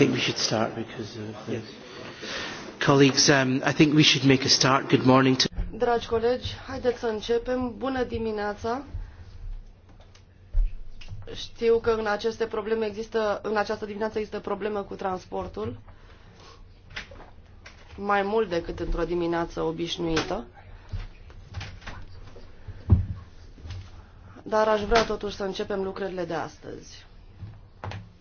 think we should start because of the... Uh, yes. Colleagues, um, I think we should make a start. Good morning to... Dragi colegi, haideți să începem. Bună dimineața! Știu că în aceste probleme există, în această dimineață există problemă cu transportul. Mai mult decât într-o dimineață obișnuită. Dar aș vrea totuși să începem lucrările de astăzi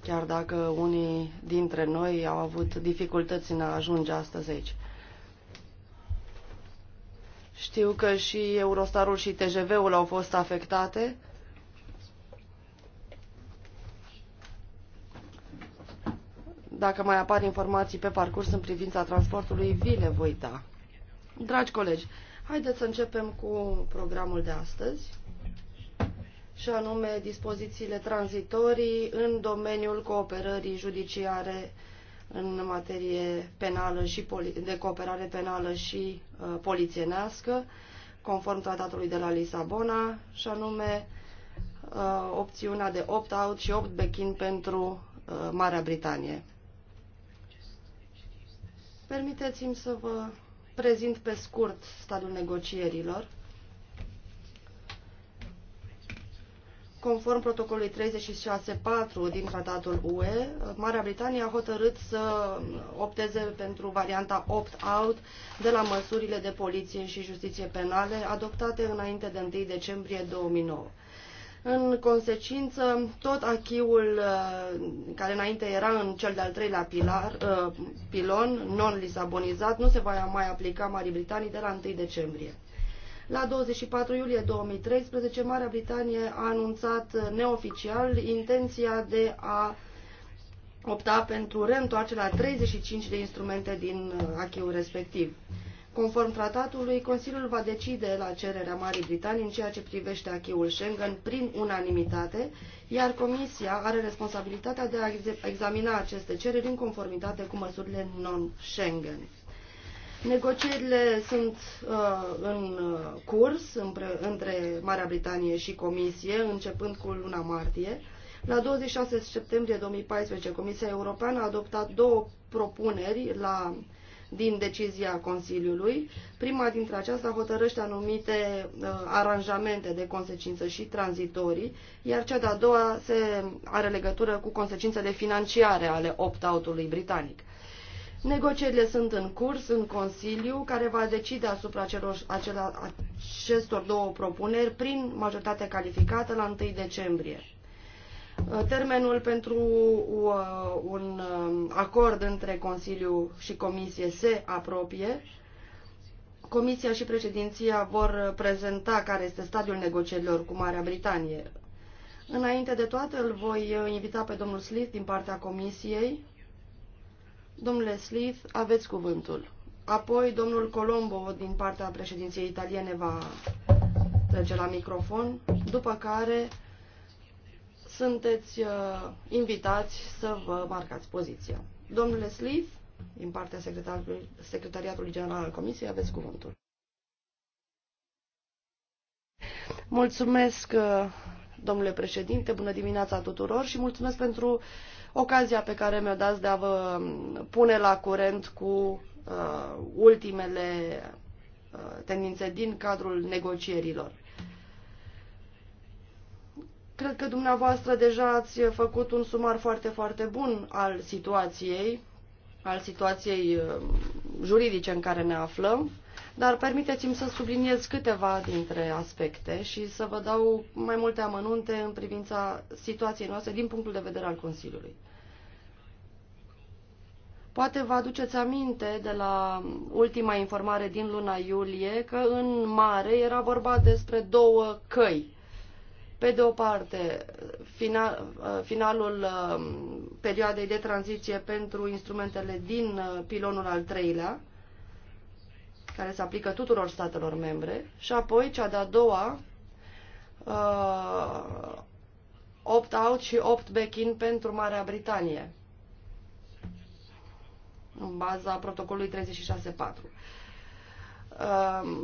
chiar dacă unii dintre noi au avut dificultăți în a ajunge astăzi aici. Știu că și Eurostarul și TGV-ul au fost afectate. Dacă mai apar informații pe parcurs în privința transportului, vi le voi da. Dragi colegi, haideți să începem cu programul de astăzi și anume dispozițiile tranzitorii în domeniul cooperării judiciare în materie penală și de cooperare penală și uh, polițienească, conform tratatului de la Lisabona, și anume uh, opțiunea de opt-out și opt-back-in pentru uh, Marea Britanie. Permiteți-mi să vă prezint pe scurt stadiul negocierilor. Conform protocolului 36.4 din tratatul UE, Marea Britanie a hotărât să opteze pentru varianta opt-out de la măsurile de poliție și justiție penale adoptate înainte de 1 decembrie 2009. În consecință, tot achiul uh, care înainte era în cel de-al treilea pilar, uh, pilon, non-lisabonizat, nu se va mai aplica Marii Britanii de la 1 decembrie. La 24 iulie 2013, Marea Britanie a anunțat neoficial intenția de a opta pentru reîntoarcerea 35 de instrumente din uh, acheul respectiv. Conform tratatului, Consiliul va decide la cererea Marii Britanii în ceea ce privește acheul Schengen prin unanimitate, iar Comisia are responsabilitatea de a examina aceste cereri în conformitate cu măsurile non-Schengen. Negocierile sunt uh, în uh, curs împre, între Marea Britanie și Comisie, începând cu luna martie. La 26 septembrie 2014, Comisia Europeană a adoptat două propuneri la, din decizia Consiliului. Prima dintre aceasta hotărăște anumite uh, aranjamente de consecință și tranzitorii, iar cea de-a doua se are legătură cu consecințele financiare ale opt-out-ului britanic. Negocierile sunt în curs în Consiliu, care va decide asupra celor, acela, acestor două propuneri prin majoritate calificată la 1 decembrie. Uh, termenul pentru uh, un uh, acord între Consiliu și Comisie se apropie. Comisia și președinția vor prezenta care este stadiul negocierilor cu Marea Britanie. Înainte de toate, îl voi invita pe domnul Smith din partea Comisiei Domnule Sliv, aveți cuvântul. Apoi, domnul Colombo, din partea președinției italiene, va trece la microfon, după care sunteți uh, invitați să vă marcați poziția. Domnule Sliv, din partea Secretariatului General al Comisiei, aveți cuvântul. Mulțumesc, uh, domnule președinte, bună dimineața tuturor și mulțumesc pentru uh, ocazia pe care mi-o dați de a vă pune la curent cu uh, ultimele uh, tendințe din cadrul negocierilor. Cred că dumneavoastră deja ați făcut un sumar foarte, foarte bun al situației, al situației uh, juridice în care ne aflăm dar permiteți-mi să subliniez câteva dintre aspecte și să vă dau mai multe amănunte în privința situației noastre din punctul de vedere al Consiliului. Poate vă aduceți aminte de la ultima informare din luna iulie că în mare era vorba despre două căi. Pe de o parte, final, uh, finalul uh, perioadei de tranziție pentru instrumentele din uh, pilonul al treilea, care se aplică tuturor statelor membre, și apoi cea de-a doua, uh, opt-out și opt-back-in pentru Marea Britanie, în baza protocolului 36.4. Uh,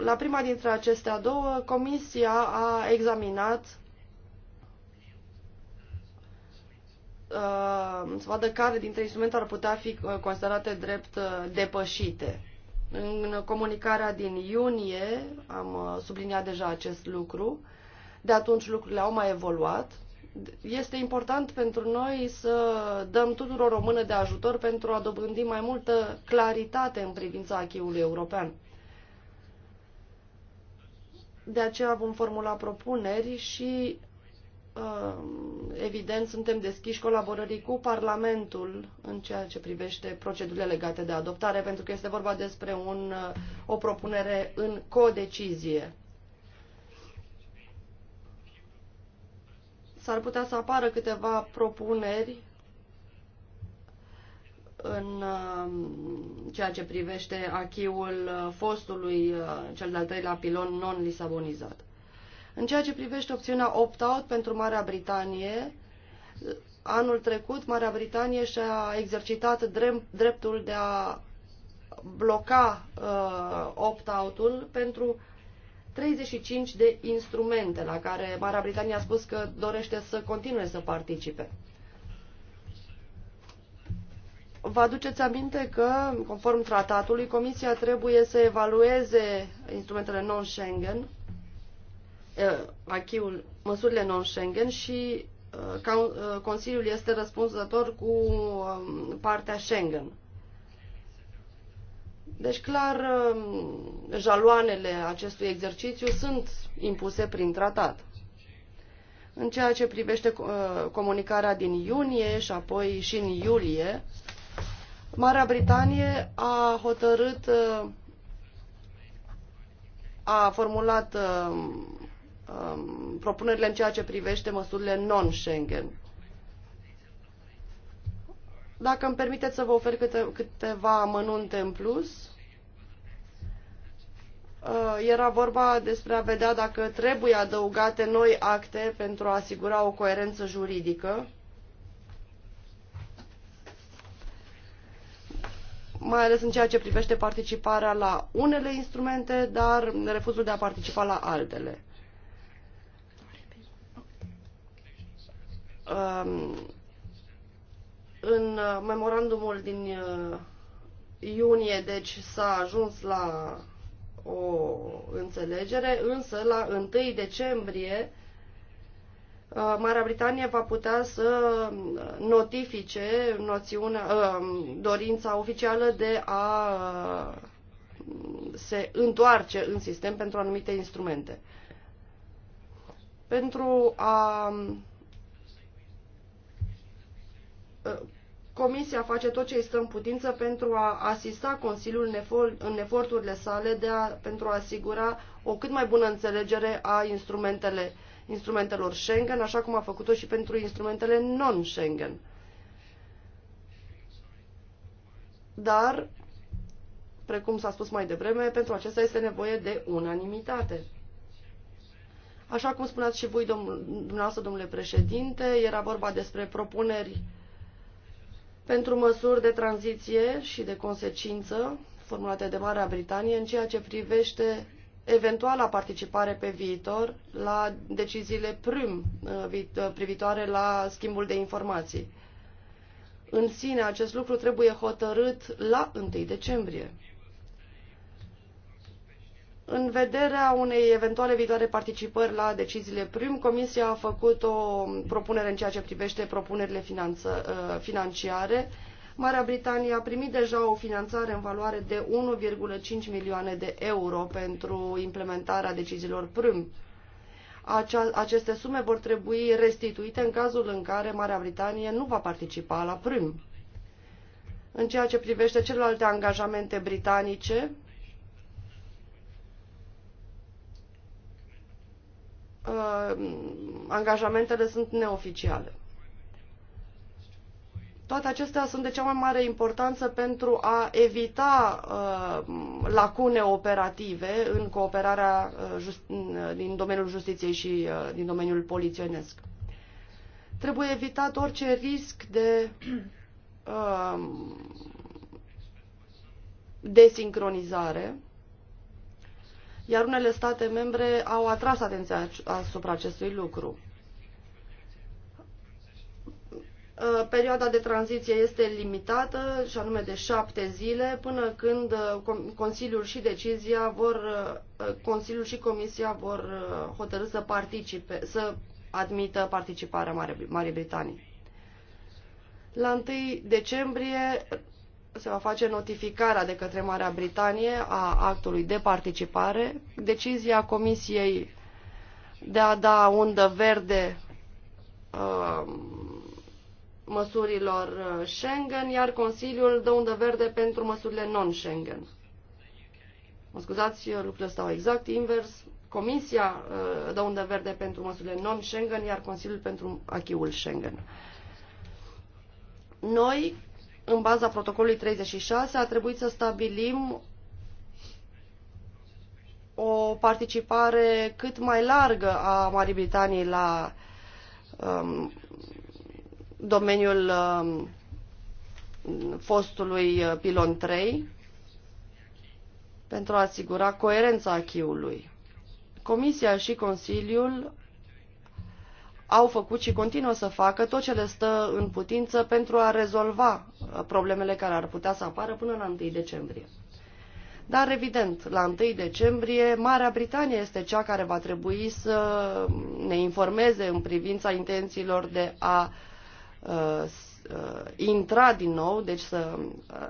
la prima dintre acestea două, Comisia a examinat uh, să vadă care dintre instrumente ar putea fi uh, considerate drept uh, depășite. În comunicarea din iunie am uh, subliniat deja acest lucru. De atunci lucrurile au mai evoluat. Este important pentru noi să dăm tuturor o mână de ajutor pentru a dobândi mai multă claritate în privința acquis european. De aceea vom formula propuneri și Ehm, evident, suntem deschiși colaborării cu Parlamentul în ceea ce privește procedurile legate de adoptare, pentru că este vorba despre un, o propunere în codecizie. S-ar putea să apară câteva propuneri în ehm, ceea ce privește achiul fostului, ehm, cel de-al treilea pilon non-lisabonizat. În ceea ce privește opțiunea opt-out pentru Marea Britanie, anul trecut Marea Britanie și-a exercitat dreptul de a bloca uh, opt-out-ul pentru 35 de instrumente la care Marea Britanie a spus că dorește să continue să participe. Vă aduceți aminte că, conform tratatului, Comisia trebuie să evalueze instrumentele non-Schengen Uh, achiul, măsurile non-Schengen și uh, uh, Consiliul este răspunzător cu um, partea Schengen. Deci, clar, um, jaloanele acestui exercițiu sunt impuse prin tratat. În ceea ce privește comunicarea din iunie și apoi și în iulie, Marea Britanie a hotărât, a formulat um, um, propunerile în ceea ce privește măsurile non-Schengen. Dacă îmi permiteți să vă ofer câte, câteva amănunte în plus, uh, era vorba despre a vedea dacă trebuie adăugate noi acte pentru a asigura o coerență juridică, mai ales în ceea ce privește participarea la unele instrumente, dar refuzul de a participa la altele. Um, în uh, memorandumul din uh, iunie, deci s-a ajuns la o înțelegere, însă la 1 decembrie uh, Marea Britanie va putea să notifice noțiunea, dorința oficială de a se întoarce în sistem pentru anumite instrumente. Pentru a um, Ă, Comisia face tot ce îi stă în putință pentru a asista Consiliul în, efort, în eforturile sale de a, pentru a asigura o cât mai bună înțelegere a instrumentele, instrumentelor Schengen, așa cum a făcut-o și pentru instrumentele non-Schengen. Dar, precum s-a spus mai devreme, pentru acesta este nevoie de unanimitate. Așa cum spuneați și voi, domnul, dumneavoastră, domnule președinte, era vorba despre propuneri uh, pentru măsuri de tranziție și de consecință formulate de Marea Britanie în ceea ce privește eventuala participare pe viitor la deciziile prim uh, uh, privitoare la schimbul de informații. În sine, acest lucru trebuie hotărât la 1 decembrie. În vederea unei eventuale viitoare participări la deciziile prim, Comisia a făcut o propunere în ceea ce privește propunerile finanță, uh, financiare. Marea Britanie a primit deja o finanțare în valoare de 1,5 milioane de euro pentru implementarea deciziilor prim. aceste sume vor trebui restituite în cazul în care Marea Britanie nu va participa la prim. În ceea ce privește celelalte angajamente britanice, Uh, angajamentele sunt neoficiale. Toate acestea sunt de cea mai mare importanță pentru a evita uh, lacune operative în cooperarea uh, just, uh, din domeniul justiției și uh, din domeniul polițienesc. Trebuie evitat orice risc de uh, desincronizare iar unele state membre au atras atenția asupra acestui lucru. Ă, perioada de tranziție este limitată, și anume de șapte zile, până când ă, Consiliul și decizia vor, ă, Consiliul și Comisia vor hotărâ să participe, să admită participarea Marii Britanii. La 1 decembrie, se va face notificarea de către Marea Britanie a actului de participare, decizia Comisiei de a da undă verde uh, măsurilor uh, Schengen, iar Consiliul dă undă verde pentru măsurile non-Schengen. Mă scuzați, lucrurile stau exact invers. Comisia uh, dă undă verde pentru măsurile non-Schengen, iar Consiliul pentru achiul Schengen. Noi, în baza protocolului 36, a trebuit să stabilim o participare cât mai largă a Marii Britanii la um, domeniul um, fostului uh, pilon 3 pentru a asigura coerența achiului. Comisia și Consiliul au făcut și continuă să facă tot ce le stă în putință pentru a rezolva uh, problemele care ar putea să apară până la 1 decembrie. Dar, evident, la 1 decembrie, Marea Britanie este cea care va trebui să ne informeze în privința intențiilor de a uh, uh intra din nou, deci să uh,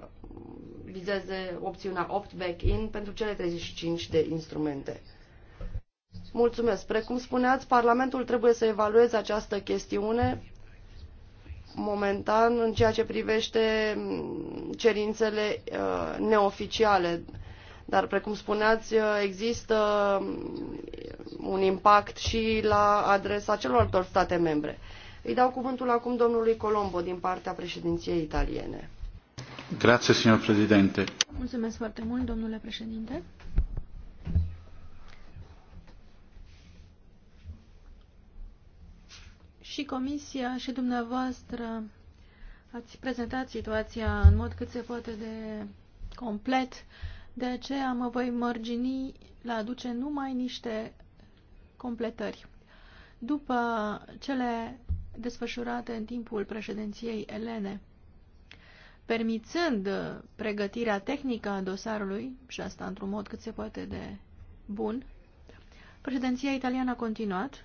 vizeze opțiunea opt back in pentru cele 35 de instrumente. Mulțumesc. Precum spuneați, Parlamentul trebuie să evalueze această chestiune momentan în ceea ce privește mm, cerințele uh, neoficiale. Dar, precum spuneați, uh, există mm, un impact și la adresa celorlaltor state membre. Îi dau cuvântul acum domnului Colombo din partea președinției italiene. Grazie, signor președinte. Mulțumesc foarte mult, domnule președinte. și Comisia și dumneavoastră ați prezentat situația în mod cât se poate de complet, de aceea mă voi mărgini la aduce numai niște completări. După cele desfășurate în timpul președinției Elene, permițând pregătirea tehnică a dosarului, și asta într-un mod cât se poate de bun, președinția italiană a continuat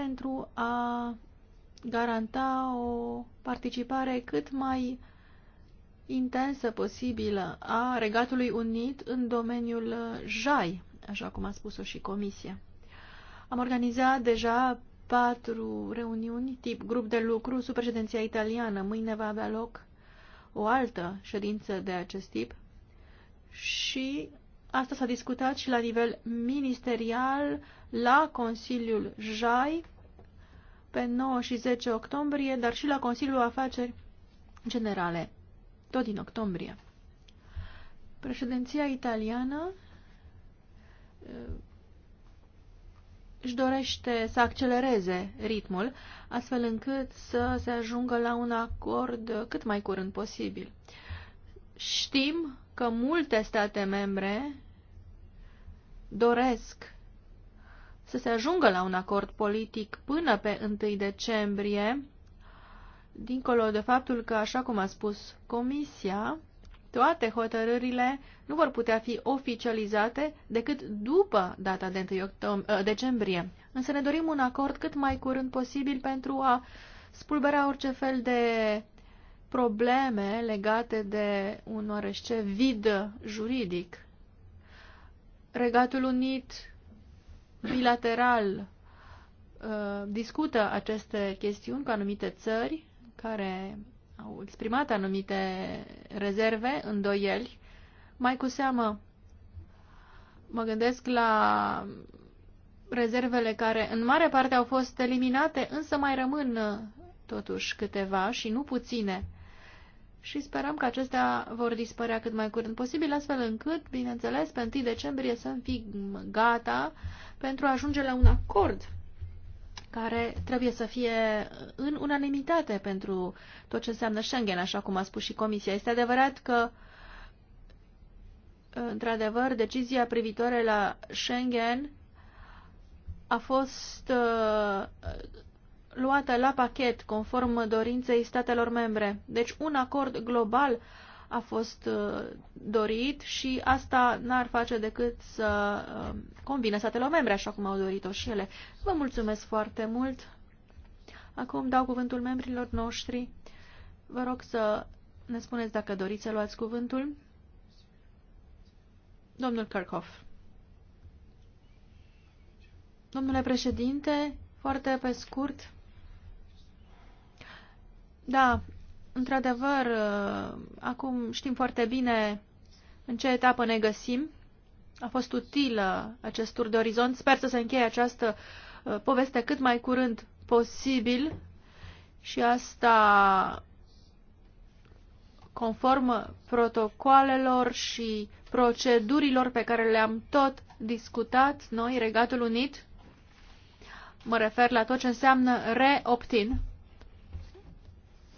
pentru a garanta o participare cât mai intensă posibilă a Regatului Unit în domeniul JAI, așa cum a spus-o și Comisia. Am organizat deja patru reuniuni tip grup de lucru sub președinția italiană. Mâine va avea loc o altă ședință de acest tip și Asta s-a discutat și la nivel ministerial la Consiliul JAI pe 9 și 10 octombrie, dar și la Consiliul Afaceri Generale, tot din octombrie. Președinția italiană uh, își dorește să accelereze ritmul, astfel încât să se ajungă la un acord cât mai curând posibil. Știm că multe state membre doresc să se ajungă la un acord politic până pe 1 decembrie, dincolo de faptul că, așa cum a spus Comisia, toate hotărârile nu vor putea fi oficializate decât după data de 1 ă, decembrie. Însă ne dorim un acord cât mai curând posibil pentru a spulbera orice fel de probleme legate de un oarește vid juridic Regatul Unit bilateral uh, discută aceste chestiuni cu anumite țări care au exprimat anumite rezerve, îndoieli. Mai cu seamă, mă gândesc la rezervele care în mare parte au fost eliminate, însă mai rămân uh, totuși câteva și nu puține și sperăm că acestea vor dispărea cât mai curând posibil, astfel încât, bineînțeles, pe 1 decembrie să fim gata pentru a ajunge la un acord care trebuie să fie în unanimitate pentru tot ce înseamnă Schengen, așa cum a spus și Comisia. Este adevărat că, într-adevăr, decizia privitoare la Schengen a fost uh, luată la pachet, conform dorinței statelor membre. Deci un acord global a fost uh, dorit și asta n-ar face decât să uh, convine statelor membre, așa cum au dorit-o și ele. Vă mulțumesc foarte mult! Acum dau cuvântul membrilor noștri. Vă rog să ne spuneți dacă doriți să luați cuvântul. Domnul Kirchhoff. Domnule președinte, foarte pe scurt, da, într-adevăr, uh, acum știm foarte bine în ce etapă ne găsim. A fost utilă acest tur de orizont. Sper să se încheie această uh, poveste cât mai curând posibil și asta conform protocoalelor și procedurilor pe care le-am tot discutat noi, Regatul Unit, mă refer la tot ce înseamnă reoptin.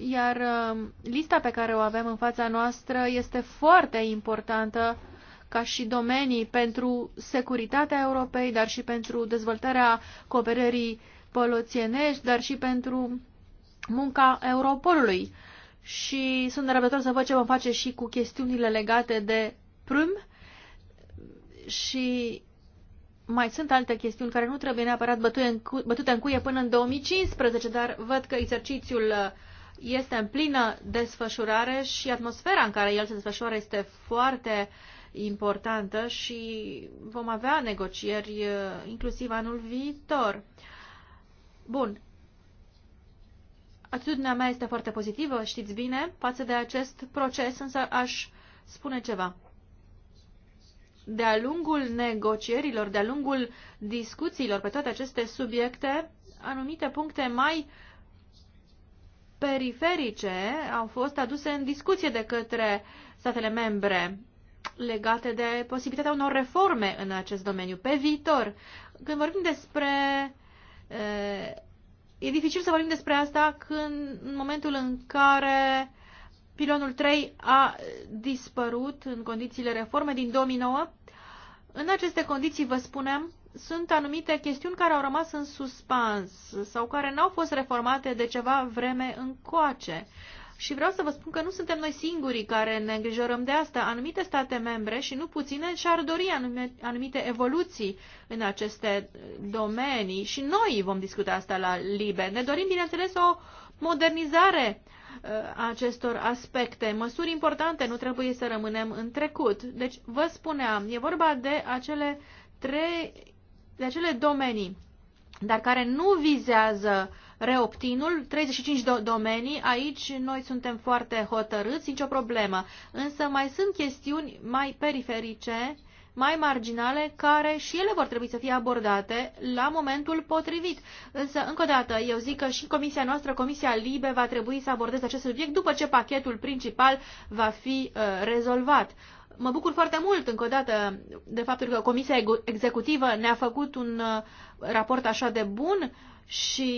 Iar um, lista pe care o avem în fața noastră este foarte importantă ca și domenii pentru securitatea Europei, dar și pentru dezvoltarea cooperării poloțienești, dar și pentru munca Europolului. Și sunt nerăbdător să văd ce vom face și cu chestiunile legate de prum și mai sunt alte chestiuni care nu trebuie neapărat bătute în, bătute în cuie până în 2015, dar văd că exercițiul uh, este în plină desfășurare și atmosfera în care el se desfășoară este foarte importantă și vom avea negocieri uh, inclusiv anul viitor. Bun. Atitudinea mea este foarte pozitivă, știți bine, față de acest proces, însă aș spune ceva. De-a lungul negocierilor, de-a lungul discuțiilor pe toate aceste subiecte, anumite puncte mai uh, periferice au fost aduse în discuție de către statele membre legate de posibilitatea unor reforme în acest domeniu pe viitor. Când vorbim despre e dificil să vorbim despre asta când, în momentul în care pilonul 3 a dispărut în condițiile reforme din 2009. În aceste condiții vă spunem sunt anumite chestiuni care au rămas în suspans sau care n-au fost reformate de ceva vreme încoace. Și vreau să vă spun că nu suntem noi singurii care ne îngrijorăm de asta. Anumite state membre și nu puține și-ar dori anume, anumite evoluții în aceste domenii și noi vom discuta asta la LIBE. Ne dorim, bineînțeles, o modernizare a uh, acestor aspecte. Măsuri importante nu trebuie să rămânem în trecut. Deci, vă spuneam, e vorba de acele trei de acele domenii, dar care nu vizează reoptinul, 35 do domenii, aici noi suntem foarte hotărâți, nicio problemă. Însă mai sunt chestiuni mai periferice, mai marginale, care și ele vor trebui să fie abordate la momentul potrivit. Însă, încă o dată, eu zic că și comisia noastră, Comisia Libe, va trebui să abordeze acest subiect după ce pachetul principal va fi uh, rezolvat mă bucur foarte mult încă o dată de faptul că Comisia Executivă ne-a făcut un uh, raport așa de bun și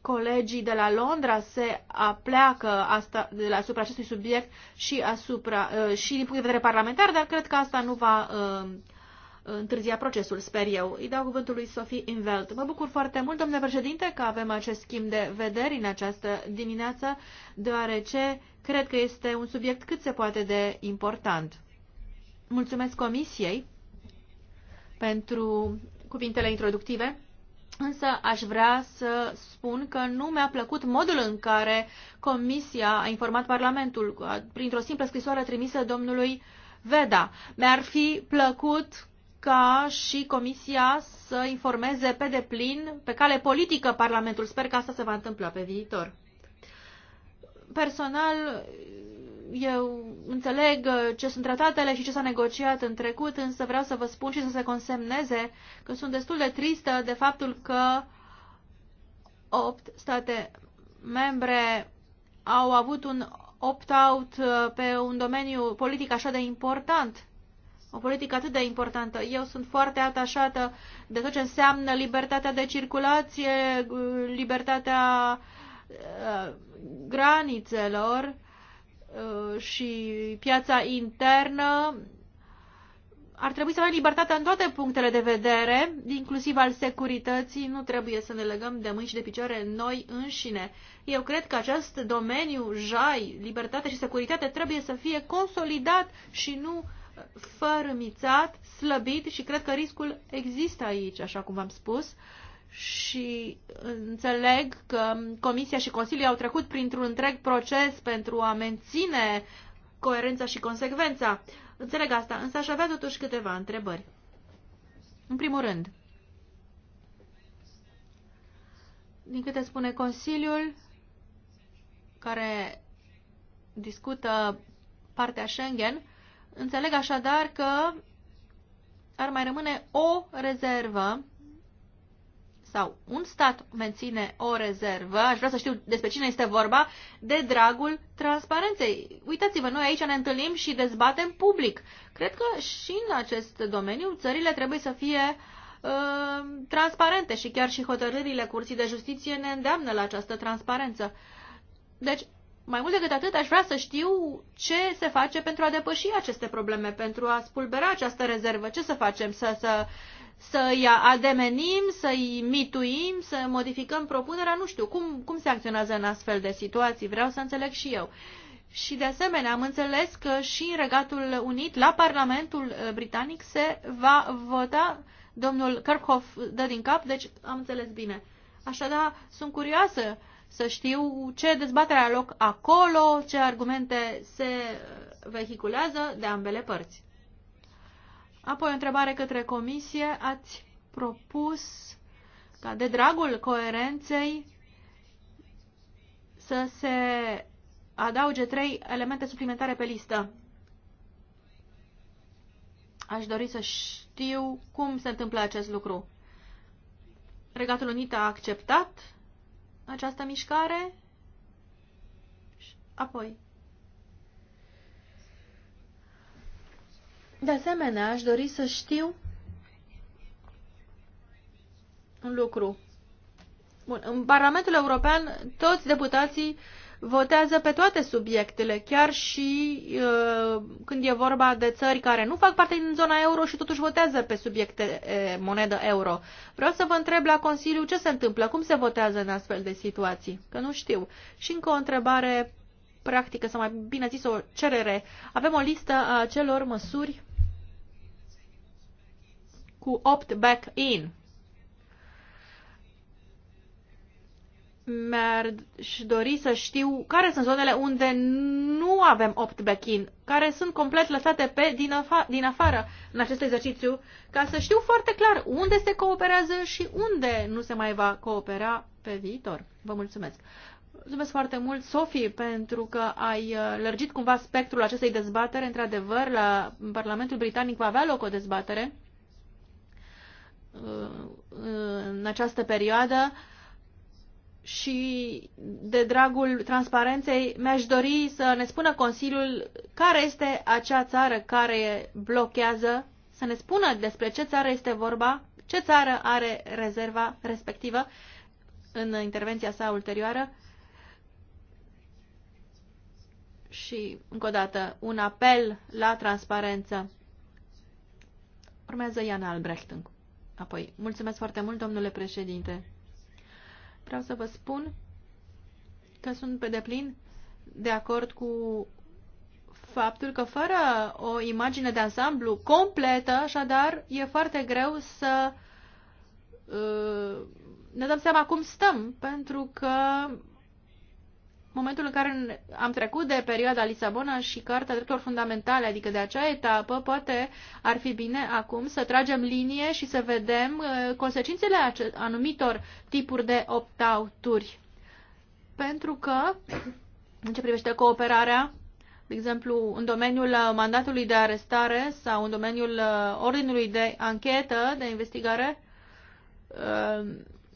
colegii de la Londra se apleacă asta, de la asupra acestui subiect și, asupra, uh, și din punct de vedere parlamentar, dar cred că asta nu va uh, întârzia procesul, sper eu. Îi dau cuvântul lui Sophie Invelt. Mă bucur foarte mult, domnule președinte, că avem acest schimb de vederi în această dimineață, deoarece cred că este un subiect cât se poate de important. Mulțumesc Comisiei pentru cuvintele introductive. Însă aș vrea să spun că nu mi-a plăcut modul în care Comisia a informat Parlamentul printr-o simplă scrisoare trimisă domnului Veda. Mi-ar fi plăcut ca și Comisia să informeze pe deplin, pe cale politică, Parlamentul. Sper că asta se va întâmpla pe viitor. Personal, eu înțeleg ce sunt tratatele și ce s-a negociat în trecut, însă vreau să vă spun și să se consemneze că sunt destul de tristă de faptul că opt state membre au avut un opt-out pe un domeniu politic așa de important o politică atât de importantă. Eu sunt foarte atașată de tot ce înseamnă libertatea de circulație, libertatea uh, granițelor uh, și piața internă. Ar trebui să avem libertatea în toate punctele de vedere, inclusiv al securității. Nu trebuie să ne legăm de mâini și de picioare noi înșine. Eu cred că acest domeniu, jai, libertate și securitate, trebuie să fie consolidat și nu uh, fărâmițat, slăbit și cred că riscul există aici, așa cum v-am spus și înțeleg că Comisia și Consiliul au trecut printr-un întreg proces pentru a menține coerența și consecvența. Înțeleg asta, însă aș avea totuși câteva întrebări. În primul rând, din câte spune Consiliul, care discută partea Schengen, Înțeleg așadar că ar mai rămâne o rezervă sau un stat menține o rezervă, aș vrea să știu despre cine este vorba, de dragul transparenței. Uitați-vă, noi aici ne întâlnim și dezbatem public. Cred că și în acest domeniu țările trebuie să fie uh, transparente și chiar și hotărârile Curții de Justiție ne îndeamnă la această transparență. Deci, mai mult decât atât, aș vrea să știu ce se face pentru a depăși aceste probleme, pentru a spulbera această rezervă. Ce să facem? Să, să, să-i ademenim, să-i mituim, să modificăm propunerea? Nu știu. Cum, cum se acționează în astfel de situații? Vreau să înțeleg și eu. Și de asemenea, am înțeles că și în Regatul Unit, la Parlamentul uh, Britanic, se va vota domnul Kirchhoff dă din cap, deci am înțeles bine. Așadar, sunt curioasă să știu ce dezbatere are loc acolo, ce argumente se vehiculează de ambele părți. Apoi o întrebare către comisie. Ați propus ca de dragul coerenței să se adauge trei elemente suplimentare pe listă. Aș dori să știu cum se întâmplă acest lucru. Regatul Unit a acceptat această mișcare. Apoi. De asemenea, aș dori să știu un lucru. Bun, în Parlamentul European toți deputații uh, votează pe toate subiectele, chiar și uh, când e vorba de țări care nu fac parte din zona euro și totuși votează pe subiecte e, monedă euro. Vreau să vă întreb la Consiliu ce se întâmplă, cum se votează în astfel de situații, că nu știu. Și încă o întrebare practică, sau mai bine zis o cerere. Avem o listă a celor măsuri cu opt back in mi ar dori să știu care sunt zonele unde nu avem opt back-in, care sunt complet lăsate pe din, afa- din afară în acest exercițiu, ca să știu foarte clar unde se cooperează și unde nu se mai va coopera pe viitor. Vă mulțumesc! Mulțumesc foarte mult, Sofie, pentru că ai uh, lărgit cumva spectrul acestei dezbatere. Într-adevăr, la Parlamentul Britanic va avea loc o dezbatere uh, în această perioadă și de dragul transparenței mi-aș dori să ne spună Consiliul care este acea țară care blochează, să ne spună despre ce țară este vorba, ce țară are rezerva respectivă în intervenția sa ulterioară. Și, încă o dată, un apel la transparență. Urmează Iana Albrecht. Apoi, mulțumesc foarte mult, domnule președinte vreau să vă spun că sunt pe deplin de acord cu faptul că fără o imagine de ansamblu completă, așadar, e foarte greu să uh, ne dăm seama cum stăm, pentru că momentul în care am trecut de perioada Lisabona și Carta Drepturilor Fundamentale, adică de acea etapă, poate ar fi bine acum să tragem linie și să vedem uh, consecințele anumitor tipuri de opt-out-uri. Pentru că, în ce privește cooperarea, de exemplu, în domeniul uh, mandatului de arestare sau în domeniul uh, ordinului de anchetă, de investigare,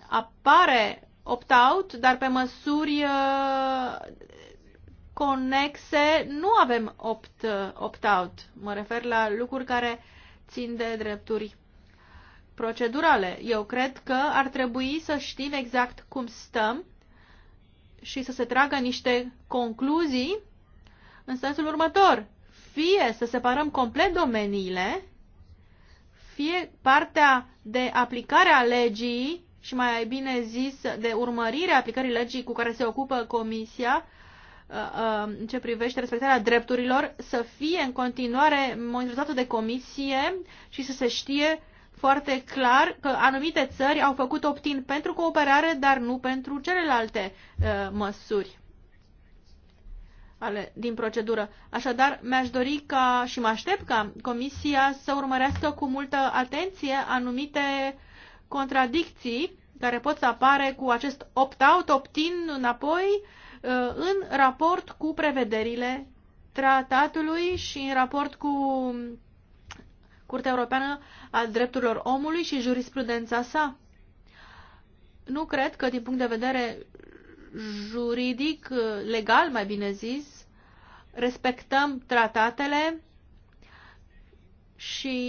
apare opt-out, dar pe măsuri uh, conexe nu avem opt, uh, opt-out. Mă refer la lucruri care țin de drepturi procedurale. Eu cred că ar trebui să știm exact cum stăm și să se tragă niște concluzii în sensul următor. Fie să separăm complet domeniile, fie partea de aplicare a legii și mai bine zis de urmărire aplicării legii cu care se ocupă Comisia uh, uh, în ce privește respectarea drepturilor să fie în continuare monitorizată de comisie și să se știe foarte clar că anumite țări au făcut optin pentru cooperare, dar nu pentru celelalte uh, măsuri ale, din procedură. Așadar, mi-aș dori ca și mă aștept ca Comisia să urmărească cu multă atenție anumite contradicții care pot să apare cu acest opt-out, opt-in înapoi, uh, în raport cu prevederile tratatului și în raport cu Curtea Europeană a Drepturilor Omului și jurisprudența sa. Nu cred că, din punct de vedere juridic, uh, legal, mai bine zis, respectăm tratatele și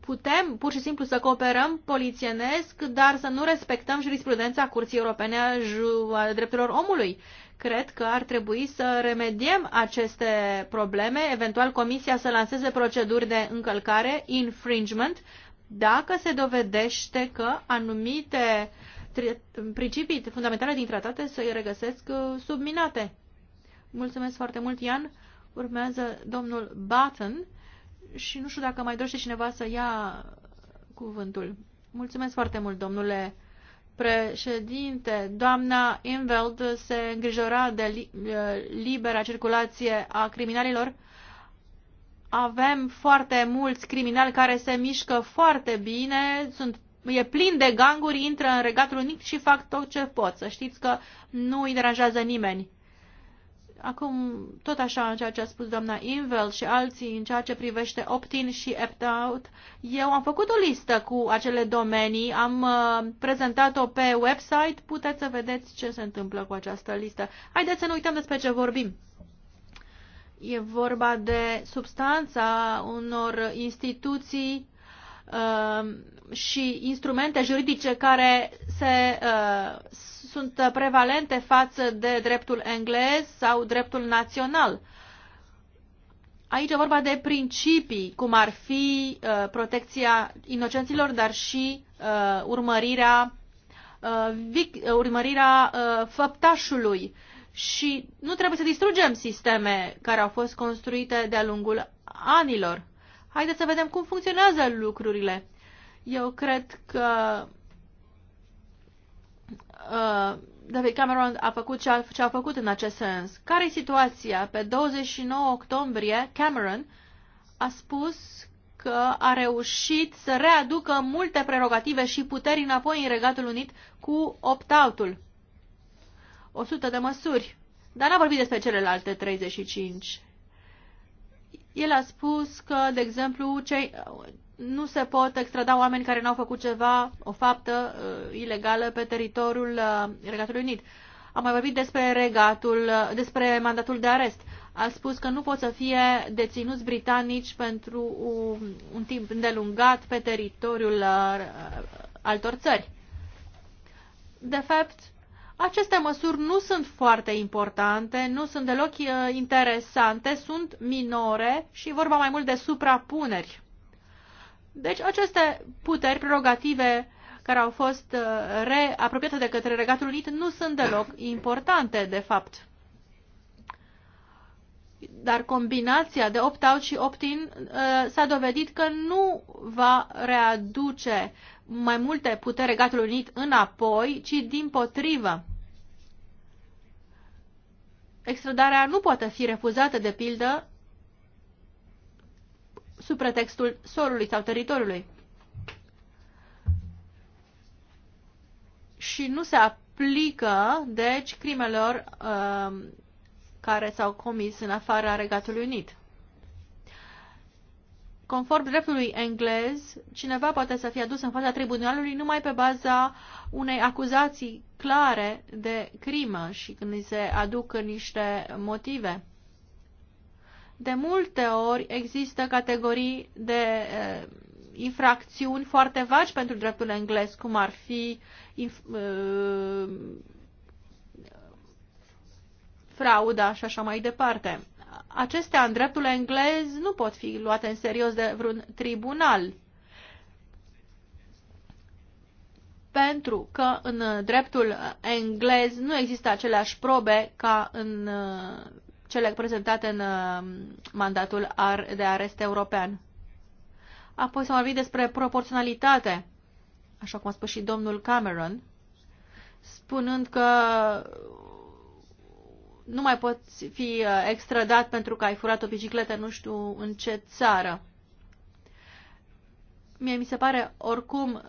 putem pur și simplu să cooperăm polițienesc, dar să nu respectăm jurisprudența Curții Europene a, Drepturilor Omului. Cred că ar trebui să remediem aceste probleme, eventual Comisia să lanseze proceduri de încălcare, infringement, dacă se dovedește că anumite principii fundamentale din tratate se regăsesc uh, subminate. Mulțumesc foarte mult, Ian. Urmează domnul Button și nu știu dacă mai dorește cineva să ia cuvântul. Mulțumesc foarte mult, domnule președinte. Doamna Inveld se îngrijora de eh, libera circulație a criminalilor. Avem foarte mulți criminali care se mișcă foarte bine, sunt e plin de ganguri, intră în regatul unic și fac tot ce pot. Să știți că nu îi deranjează nimeni. Acum, tot așa în ceea ce a spus doamna Invel și alții în ceea ce privește opt-in și opt-out, eu am făcut o listă cu acele domenii, am uh, prezentat-o pe website, puteți să vedeți ce se întâmplă cu această listă. Haideți să nu uităm despre ce vorbim. E vorba de substanța unor instituții uh, și instrumente juridice care se uh, sunt prevalente față de dreptul englez sau dreptul național. Aici e vorba de principii, cum ar fi uh, protecția inocenților, dar și uh, urmărirea, uh, vic, uh, urmărirea uh, făptașului. Și nu trebuie să distrugem sisteme care au fost construite de-a lungul anilor. Haideți să vedem cum funcționează lucrurile. Eu cred că Uh, David Cameron a făcut ce a, ce a făcut în acest sens. Care e situația? Pe 29 octombrie, Cameron a spus că a reușit să readucă multe prerogative și puteri înapoi în Regatul Unit cu opt-out-ul. 100 de măsuri. Dar n-a vorbit despre celelalte 35. El a spus că, de exemplu, cei, nu se pot extrada oameni care n-au făcut ceva, o faptă uh, ilegală pe teritoriul uh, Regatului Unit. Am mai vorbit despre regatul, uh, despre mandatul de arest. A spus că nu pot să fie deținuți britanici pentru un, un timp îndelungat pe teritoriul uh, uh altor țări. De fapt, aceste măsuri nu sunt foarte importante, nu sunt deloc uh, interesante, sunt minore și vorba mai mult de suprapuneri deci aceste puteri prerogative care au fost uh, reapropiate de către Regatul Unit nu sunt deloc importante, de fapt. Dar combinația de opt-out și opt-in uh, s-a dovedit că nu va readuce mai multe puteri Regatul Unit înapoi, ci din potrivă. Extradarea nu poate fi refuzată, de pildă, sub pretextul solului sau teritoriului. Și nu se aplică, deci, crimelor uh, care s-au comis în afara Regatului Unit. Conform dreptului englez, cineva poate să fie adus în fața tribunalului numai pe baza unei acuzații clare de crimă și când îi se aduc niște motive. De multe ori există categorii de uh, infracțiuni foarte vagi pentru dreptul englez, cum ar fi inf- uh, frauda și așa mai departe. Acestea, în dreptul englez, nu pot fi luate în serios de vreun tribunal. Pentru că în dreptul englez nu există aceleași probe ca în eh, cele prezentate în uh, mandatul de arest european. Apoi s-a vorbit despre proporționalitate, așa cum a spus și domnul Cameron, spunând că nu mai poți fi uh, extradat pentru că ai furat o bicicletă nu știu în ce țară. Mie mi se pare oricum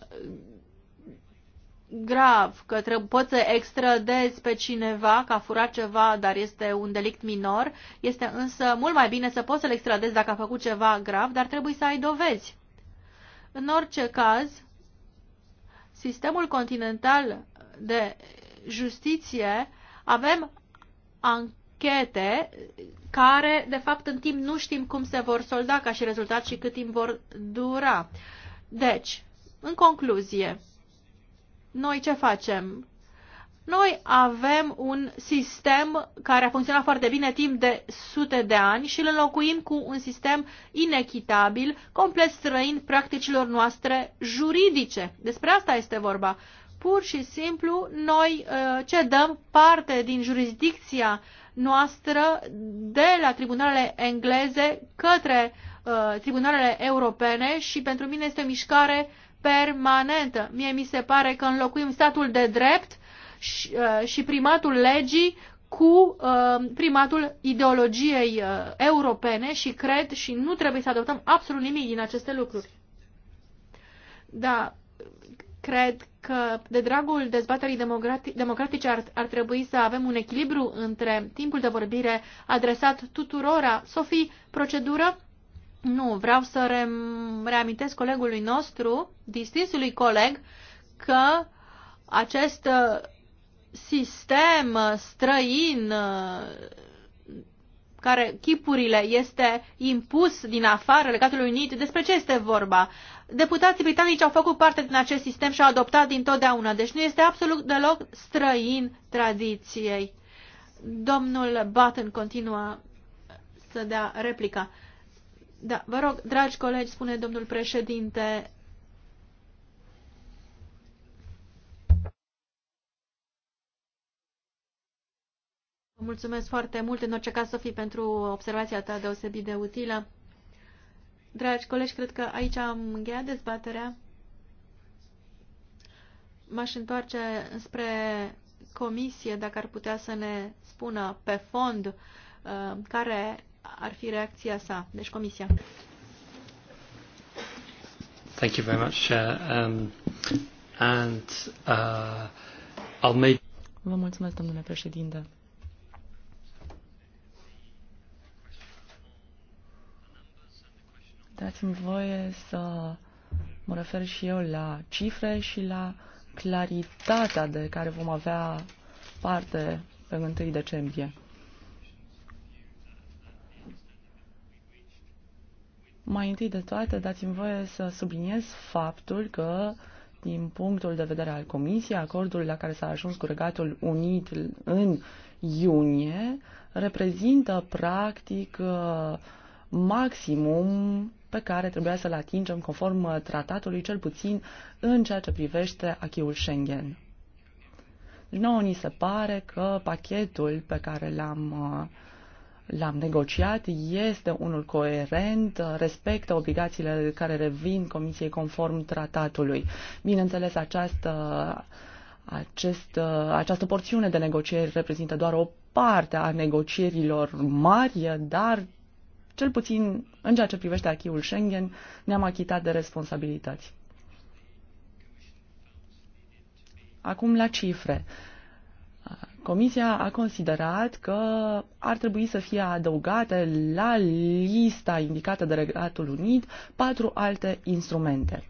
grav, că trebuie, poți să extrădezi pe cineva că a furat ceva, dar este un delict minor, este însă mult mai bine să poți să-l extradezi dacă a făcut ceva grav, dar trebuie să ai dovezi. În orice caz, sistemul continental de justiție avem anchete care, de fapt, în timp nu știm cum se vor solda ca și rezultat și cât timp vor dura. Deci, în concluzie, noi ce facem? Noi avem un sistem care a funcționat foarte bine timp de sute de ani și îl înlocuim cu un sistem inechitabil, complet străin practicilor noastre juridice. Despre asta este vorba. Pur și simplu, noi uh, cedăm parte din jurisdicția noastră de la tribunalele engleze către uh, tribunalele europene și pentru mine este o mișcare uh, permanentă. Mie mi se pare că înlocuim statul de drept și, uh, și primatul legii cu uh, primatul ideologiei uh, europene și cred și nu trebuie să adoptăm absolut nimic din aceste lucruri. Da, cred că de dragul dezbaterii democratice ar, ar trebui să avem un echilibru între timpul de vorbire adresat tuturora. Sofie, procedură? Nu, vreau să re reamintesc colegului nostru, distinsului coleg, că acest uh, sistem uh, străin uh, care chipurile este impus din afară legatului unit, despre ce este vorba? Deputații britanici au făcut parte din acest sistem și au adoptat din totdeauna, deci nu este absolut deloc străin tradiției. Domnul Button continua să dea replica. Da, vă rog, dragi colegi, spune domnul președinte. Vă mulțumesc foarte mult, în orice caz, Sofie, pentru observația ta deosebit de utilă. Dragi colegi, cred că aici am încheiat dezbaterea. M-aș întoarce spre comisie, dacă ar putea să ne spună pe fond uh, care ar fi reacția sa? Deci Comisia. Thank you very much, Chair. Um, and uh, I'll make... Vă mulțumesc, domnule președinte. Dați-mi voie să mă refer și eu la cifre și la claritatea de care vom avea parte pe 1 decembrie. Mai întâi de toate, dați-mi voie să subliniez faptul că, din punctul de vedere al Comisiei, acordul la care s-a ajuns cu Regatul Unit în iunie reprezintă, practic, maximum pe care trebuia să-l atingem conform tratatului, cel puțin în ceea ce privește achiul Schengen. Deci nouă ni se pare că pachetul pe care l-am uh, l-am negociat este unul coerent, respectă obligațiile care revin Comisiei conform tratatului. Bineînțeles, această, acest, această porțiune de negocieri reprezintă doar o parte a negocierilor mari, dar cel puțin în ceea ce privește achiul Schengen, ne-am achitat de responsabilități. Acum la cifre. Comisia a considerat că ar trebui să fie adăugate la lista indicată de Regatul Unit patru alte instrumente.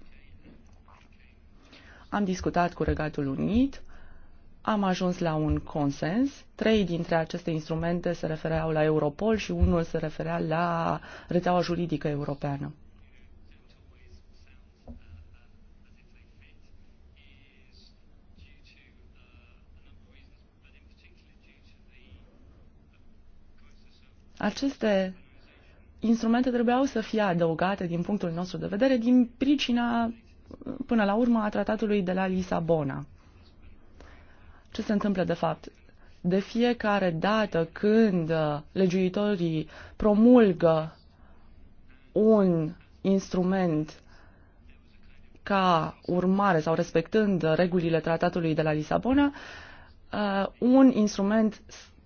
Am discutat cu Regatul Unit, am ajuns la un consens. Trei dintre aceste instrumente se refereau la Europol și unul se referea la rețeaua juridică europeană. Aceste instrumente trebuiau să fie adăugate din punctul nostru de vedere din pricina, până la urmă, a tratatului de la Lisabona. Ce se întâmplă de fapt? De fiecare dată când legiuitorii promulgă un instrument ca urmare sau respectând regulile tratatului de la Lisabona, uh, un instrument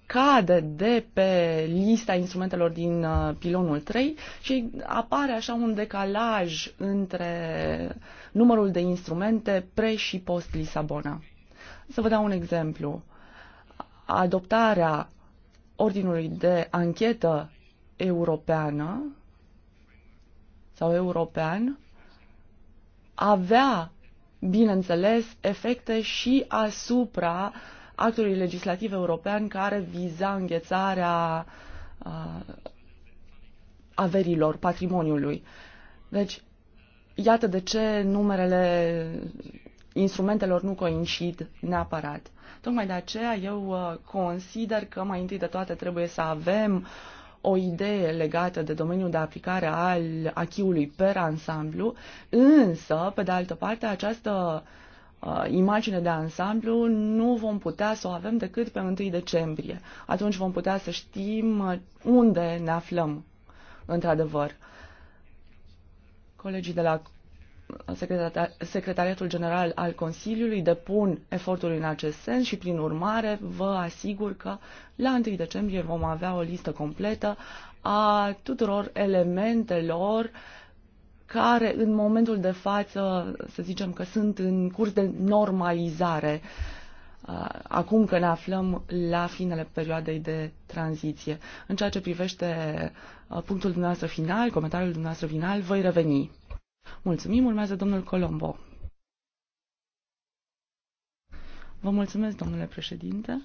cade de pe lista instrumentelor din uh, pilonul 3 și apare așa un decalaj între numărul de instrumente pre și post Lisabona. Să vă dau un exemplu. Adoptarea ordinului de anchetă europeană sau european avea, bineînțeles, efecte și asupra uh, actului legislativ european care viza înghețarea uh, averilor, patrimoniului. Deci, iată de ce numerele instrumentelor nu coincid neapărat. Tocmai de aceea eu consider că mai întâi de toate trebuie să avem o idee legată de domeniul de aplicare al achiului per ansamblu, însă, pe de altă parte, această uh, Uh, imagine de ansamblu nu vom putea să o avem decât pe 1 decembrie. Atunci vom putea să știm uh, unde ne aflăm, într-adevăr. Colegii de la uh, Secretariatul General al Consiliului depun efortul în acest sens și, prin urmare, vă asigur că la 1 decembrie vom avea o listă completă a tuturor elementelor uh, care în momentul de față, să zicem că sunt în curs de normalizare, uh, acum că ne aflăm la finele perioadei de tranziție. În ceea ce privește uh, punctul dumneavoastră final, comentariul dumneavoastră final, voi reveni. Mulțumim, urmează domnul Colombo. Vă mulțumesc, domnule președinte.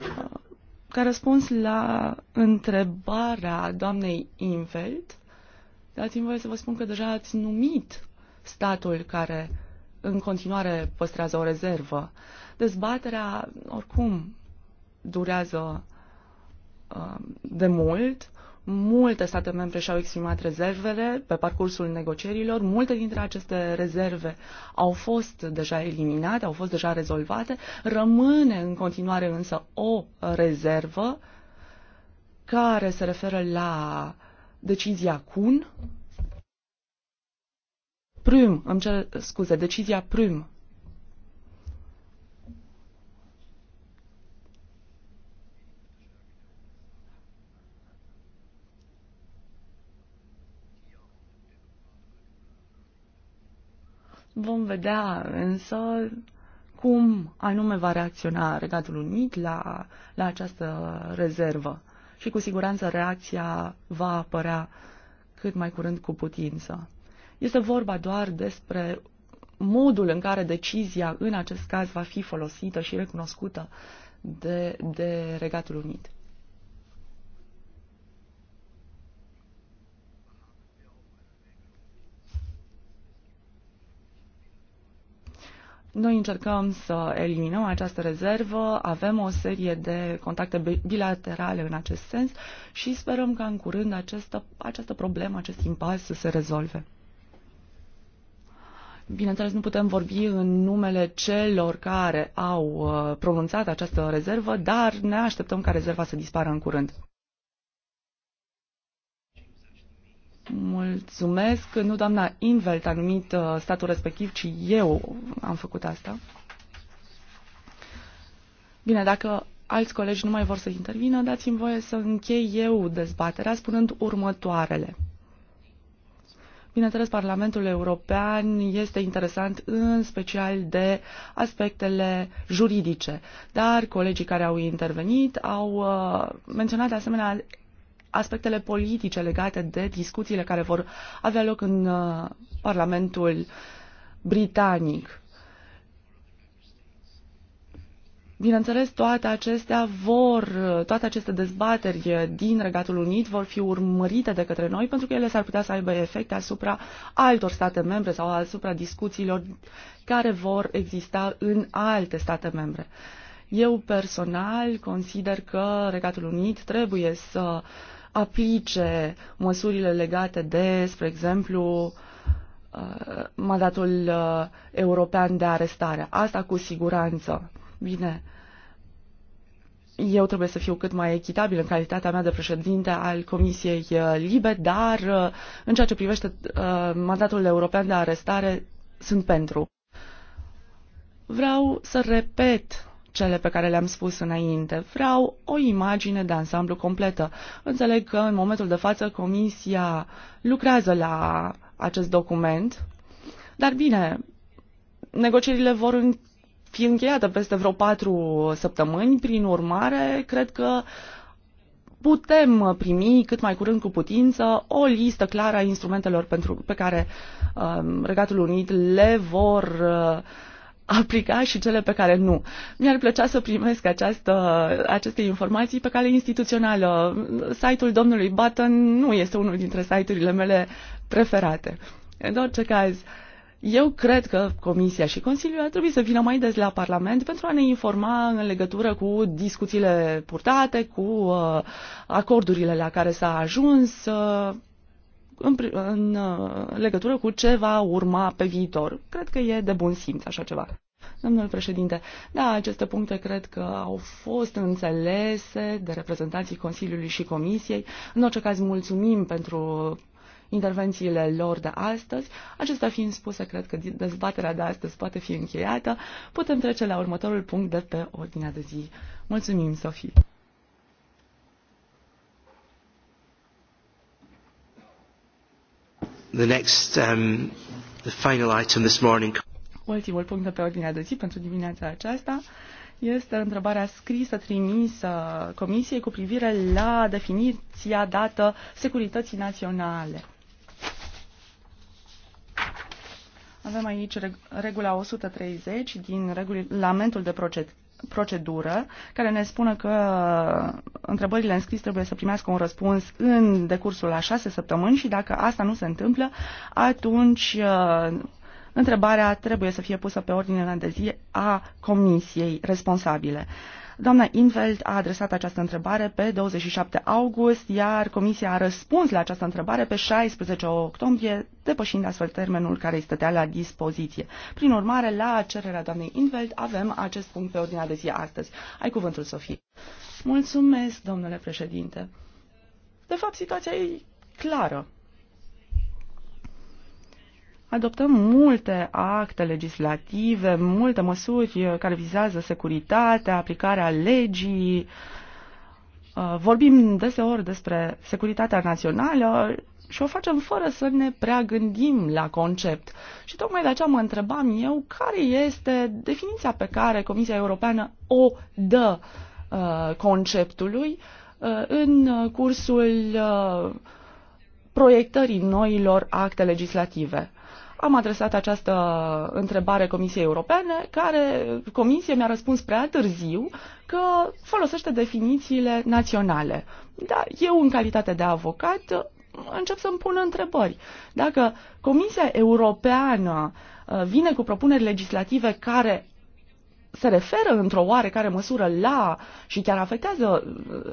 Uh, ca răspuns la întrebarea doamnei Invelt, dați-mi voie să vă spun că deja ați numit statul care în continuare păstrează o rezervă. Dezbaterea, oricum, durează uh, de mult Multe state membre și-au exprimat rezervele pe parcursul negocierilor. Multe dintre aceste rezerve au fost deja eliminate, au fost deja rezolvate. Rămâne în continuare însă o rezervă care se referă la decizia CUN. Prim, îmi cer scuze, decizia prim Vom vedea însă cum anume va reacționa Regatul Unit la, la această rezervă. Și cu siguranță reacția va apărea cât mai curând cu putință. Este vorba doar despre modul în care decizia în acest caz va fi folosită și recunoscută de, de Regatul Unit. Noi încercăm să eliminăm această rezervă, avem o serie de contacte bilaterale în acest sens și sperăm ca în curând această, această problemă, acest impas să se rezolve. Bineînțeles, nu putem vorbi în numele celor care au uh, pronunțat această rezervă, dar ne așteptăm ca rezerva să dispară în curând. Mulțumesc. Nu doamna Invelt a numit uh, statul respectiv, ci eu am făcut asta. Bine, dacă alți colegi nu mai vor să intervină, dați-mi voie să închei eu dezbaterea spunând următoarele. Bineînțeles, Parlamentul European este interesant în special de aspectele juridice, dar colegii care au intervenit au uh, menționat de asemenea aspectele politice legate de discuțiile care vor avea loc în uh, Parlamentul Britanic. Bineînțeles, toate acestea vor, toate aceste dezbateri din Regatul Unit vor fi urmărite de către noi pentru că ele s-ar putea să aibă efecte asupra altor state membre sau asupra discuțiilor care vor exista în alte state membre. Eu personal consider că Regatul Unit trebuie să uh, aplice măsurile legate de, spre exemplu, uh, mandatul uh, european de arestare. Asta cu siguranță. Bine, eu trebuie să fiu cât mai echitabil în calitatea mea de președinte al Comisiei uh, Libe, dar în ceea ce privește mandatul european de arestare, sunt pentru. Vreau să repet cele pe care le-am spus înainte. Vreau o imagine de ansamblu completă. Înțeleg că în momentul de față Comisia lucrează la acest document, dar bine, negocierile vor fi încheiate peste vreo patru săptămâni, prin urmare, cred că putem primi cât mai curând cu putință o listă clară a instrumentelor pentru, pe care uh, Regatul Unit le vor uh, aplica și cele pe care nu. Mi-ar plăcea să primesc această, aceste informații pe cale instituțională. Site-ul domnului Button nu este unul dintre site-urile mele preferate. În orice caz, eu cred că Comisia și Consiliul ar trebui să vină mai des la Parlament pentru a ne informa în legătură cu discuțiile purtate, cu uh, acordurile la care s-a ajuns, uh, în, în uh, legătură cu ce va urma pe viitor. Cred că e de bun simț așa ceva. Domnul președinte, da, aceste puncte cred că au fost înțelese de reprezentanții Consiliului și Comisiei. În orice caz, mulțumim pentru intervențiile lor de astăzi. Acestea fiind spuse, cred că dezbaterea de astăzi poate fi încheiată. Putem trece la următorul punct de pe ordinea de zi. Mulțumim, Sofie! The next, um, the final item this morning. Ultimul punct de pe ordinea de zi pentru dimineața aceasta este întrebarea scrisă trimisă Comisiei cu privire la definiția dată securității naționale. Avem aici regula 130 din regulamentul de procedură procedură care ne spune că întrebările în scris trebuie să primească un răspuns în decursul a șase săptămâni și dacă asta nu se întâmplă, atunci uh, întrebarea trebuie să fie pusă pe ordinea de zi a comisiei responsabile. Uh, Doamna Infeld a adresat această întrebare pe 27 august, iar Comisia a răspuns la această întrebare pe 16 octombrie, depășind astfel termenul care îi stătea la dispoziție. Prin urmare, la cererea doamnei Infeld avem acest punct pe ordinea de zi astăzi. Ai cuvântul, Sofie. Mulțumesc, domnule președinte. De fapt, situația e clară adoptăm multe acte legislative, multe măsuri uh, care vizează securitatea, aplicarea legii. Uh, vorbim deseori despre securitatea națională și o facem fără să ne prea gândim la concept. Și tocmai de aceea mă întrebam eu care este definiția pe care Comisia Europeană o dă uh, conceptului în cursul proiectării noilor acte legislative. Am adresat această întrebare Comisiei Europene, care Comisie mi-a răspuns prea târziu că folosește definițiile naționale. Da, eu, în calitate de avocat, încep să-mi pun întrebări. Dacă Comisia Europeană uh, vine cu propuneri legislative care se referă într-o oarecare măsură la și chiar afectează uh, uh,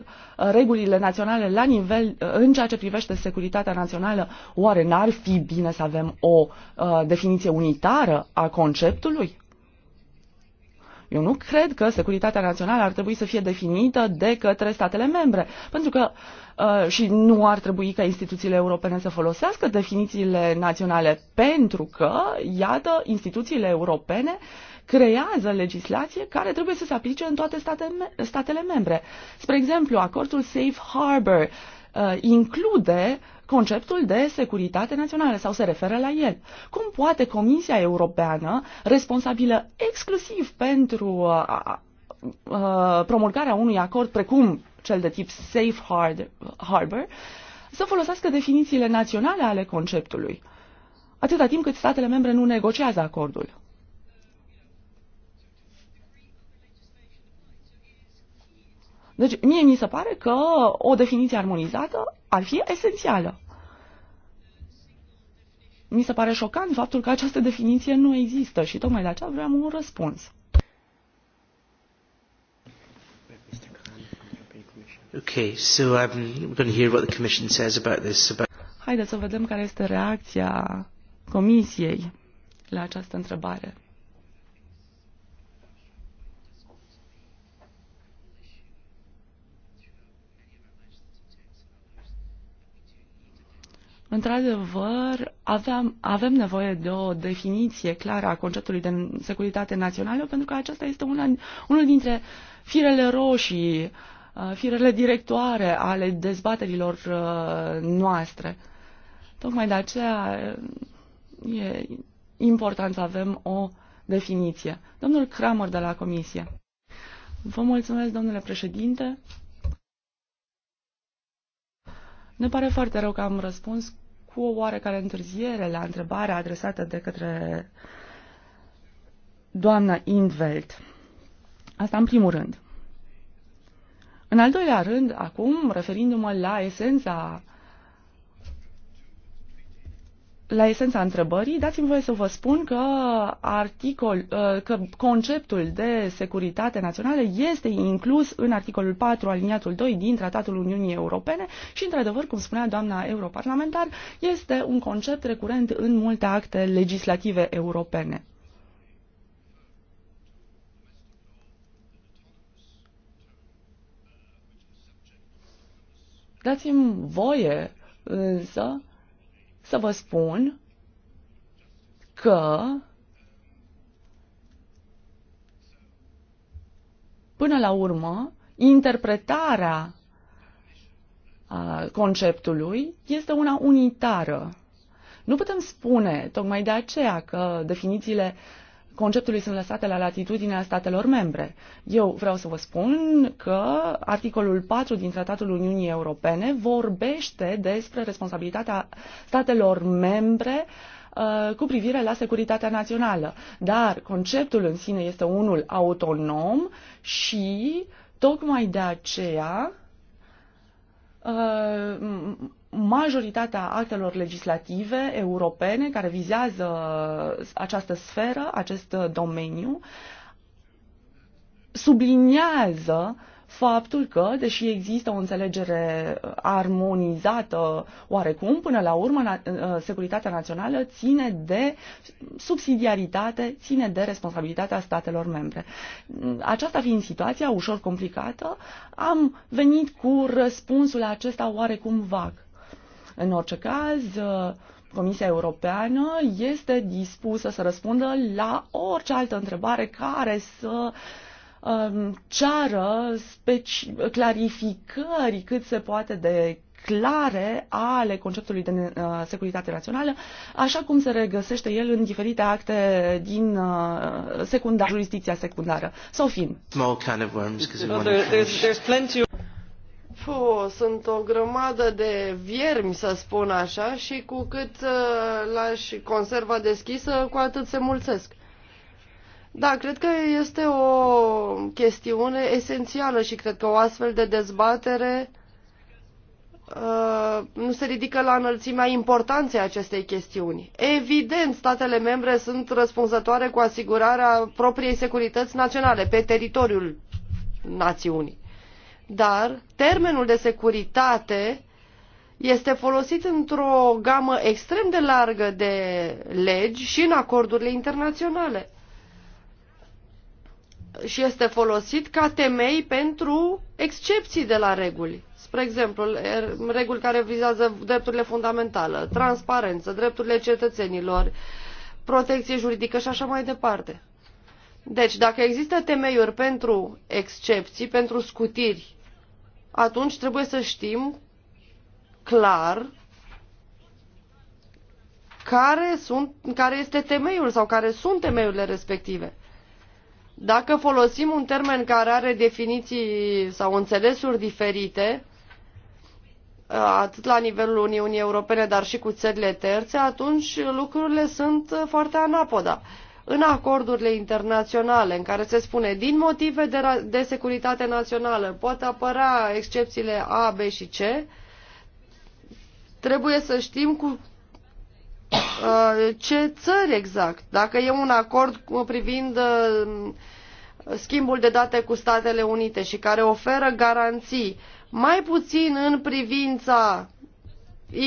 regulile naționale la nivel, uh, în ceea ce privește securitatea națională, oare n-ar fi bine să avem o definiție unitară a conceptului? Eu nu cred că securitatea națională ar trebui să fie definită de către statele membre, pentru că uh, și nu ar trebui ca instituțiile europene să folosească definițiile naționale, pentru că, iată, instituțiile europene creează legislație care trebuie să se aplice în toate state, statele membre. Spre exemplu, acordul Safe Harbor uh, include conceptul de securitate națională sau se referă la el. Cum poate Comisia Europeană, responsabilă exclusiv pentru uh, uh, promulgarea unui acord precum cel de tip Safe uh, Harbor, să folosească definițiile naționale ale conceptului, atâta timp cât statele membre nu negociază acordul? Deci, mie mi se pare că o definiție armonizată ar fi esențială. Mi se pare șocant faptul că această definiție nu există și tocmai de aceea vreau un răspuns. Okay, so I'm going to hear what the Commission says about this. About... Haideți să vedem care este reacția Comisiei la această întrebare. Într-adevăr, aveam, avem nevoie de o definiție clară a conceptului de securitate națională, pentru că aceasta este una, unul dintre firele roșii, uh, firele directoare ale dezbaterilor uh, noastre. Tocmai de aceea uh, e important să avem o definiție. Domnul Kramer de la Comisie. Vă mulțumesc, domnule președinte. Ne pare foarte rău că am răspuns cu o oarecare întârziere la întrebarea adresată de către doamna Indveld. Asta în primul rând. În al doilea rând, acum, referindu-mă la esența la esența întrebării, dați-mi voie să vă spun că, articol, uh, că conceptul de securitate națională este inclus în articolul 4 aliniatul 2 din Tratatul Uniunii Europene și, într-adevăr, cum spunea doamna europarlamentar, este un concept recurent în multe acte legislative europene. Dați-mi voie însă să vă spun că până la urmă interpretarea conceptului este una unitară. Nu putem spune tocmai de aceea că definițiile uh, conceptului sunt lăsate la latitudinea statelor membre. Eu vreau să vă spun că articolul 4 din Tratatul Uniunii Europene vorbește despre responsabilitatea statelor membre uh, cu privire la securitatea națională. Dar conceptul în sine este unul autonom și tocmai de aceea uh, majoritatea actelor legislative europene care vizează această sferă, acest domeniu, subliniază faptul că, deși există o înțelegere armonizată oarecum, până la urmă ă, securitatea națională ține de subsidiaritate, ține de responsabilitatea statelor membre. Aceasta fiind situația ușor complicată, am venit cu răspunsul acesta oarecum vag. În orice caz, uh, Comisia Europeană este dispusă să răspundă la orice altă întrebare care să um, ceară speci- clarificări cât se poate de clare ale conceptului de uh, securitate națională, așa cum se regăsește el în diferite acte din uh, secundar, jurisdicția secundară. Sau fin. Small of worms, Puh, sunt o grămadă de viermi, să spun așa, și cu cât uh, lași conserva deschisă, cu atât se mulțesc. Da, cred că este o chestiune esențială și cred că o astfel de dezbatere uh, nu se ridică la înălțimea importanței acestei chestiuni. Evident, statele membre sunt răspunzătoare cu asigurarea propriei securități naționale pe teritoriul națiunii dar termenul de securitate este folosit într-o gamă extrem de largă de legi și în acordurile internaționale. Și este folosit ca temei pentru excepții de la reguli. Spre exemplu, er, reguli care vizează drepturile fundamentale, transparență, drepturile cetățenilor, protecție juridică și așa mai departe. Deci, dacă există temeiuri pentru excepții, pentru scutiri atunci trebuie să știm clar care, sunt, care este temeiul sau care sunt temeiurile respective. Dacă folosim un termen care are definiții sau înțelesuri diferite, atât la nivelul Uniunii Europene, dar și cu țările terțe, atunci lucrurile sunt foarte anapoda în acordurile internaționale în care se spune din motive de, de securitate națională pot apărea excepțiile A, B și C, trebuie să știm cu uh, ce țări exact. Dacă e un acord privind uh, schimbul de date cu Statele Unite și care oferă garanții mai puțin în privința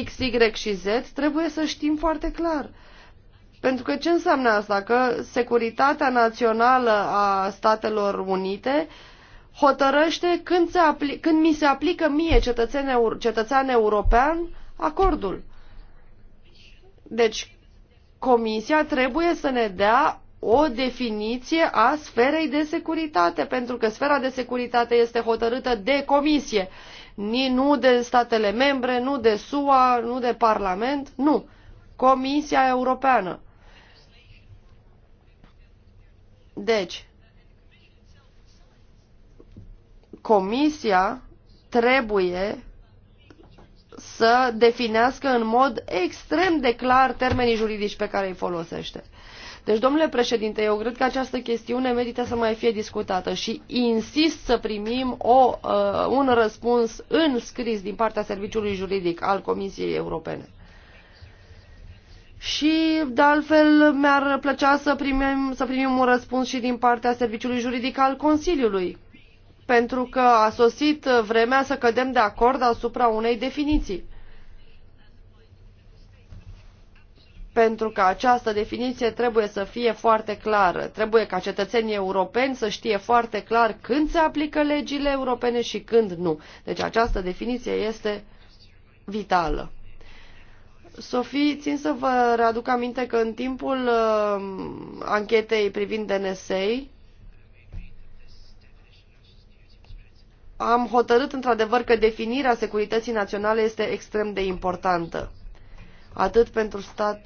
X, Y și Z, trebuie să știm foarte clar. Uh, pentru că ce înseamnă asta? Că securitatea națională a Statelor Unite hotărăște când, se apli- când mi se aplică mie, cetățean, euro- cetățean european, acordul. Deci, Comisia trebuie să ne dea o definiție a sferei de securitate, pentru că sfera de securitate este hotărâtă de Comisie, Ni, nu de statele membre, nu de SUA, nu de Parlament, nu. Comisia Europeană. Deci, comisia trebuie să definească în mod extrem de clar termenii juridici pe care îi folosește. Deci, domnule președinte, eu cred că această chestiune merită să mai fie discutată și insist să primim o, uh, un răspuns în scris din partea Serviciului Juridic al Comisiei Europene. Și, de altfel, mi-ar plăcea să primim, să primim un răspuns și din partea Serviciului Juridic al Consiliului, pentru că a sosit vremea să cădem de acord asupra unei definiții. Pentru că această definiție trebuie să fie foarte clară. Trebuie ca cetățenii europeni să știe foarte clar când se aplică legile europene și când nu. Deci această definiție este vitală. Sofie, țin să vă readuc aminte că în timpul uh, anchetei privind DNSA am hotărât într-adevăr că definirea securității naționale este extrem de importantă. Atât pentru stat,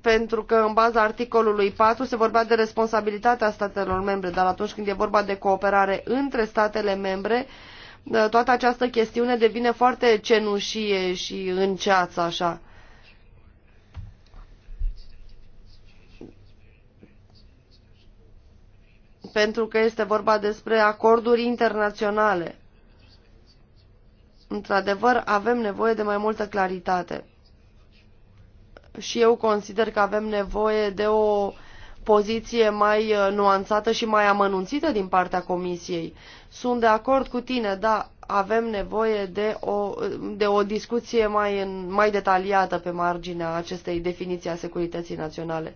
pentru că în baza articolului 4 se vorbea de responsabilitatea statelor membre, dar atunci când e vorba de cooperare între statele membre, uh, Ă, toată această chestiune devine foarte cenușie și înceață așa. Pentru că este vorba despre acorduri internaționale. Într-adevăr, avem nevoie de mai multă claritate. Și eu consider că avem nevoie de o uh, poziție mai uh, nuanțată și mai amănunțită din partea Comisiei. Sunt de acord cu tine, da, avem nevoie de o, de o discuție mai, mai detaliată pe marginea acestei definiții a securității naționale.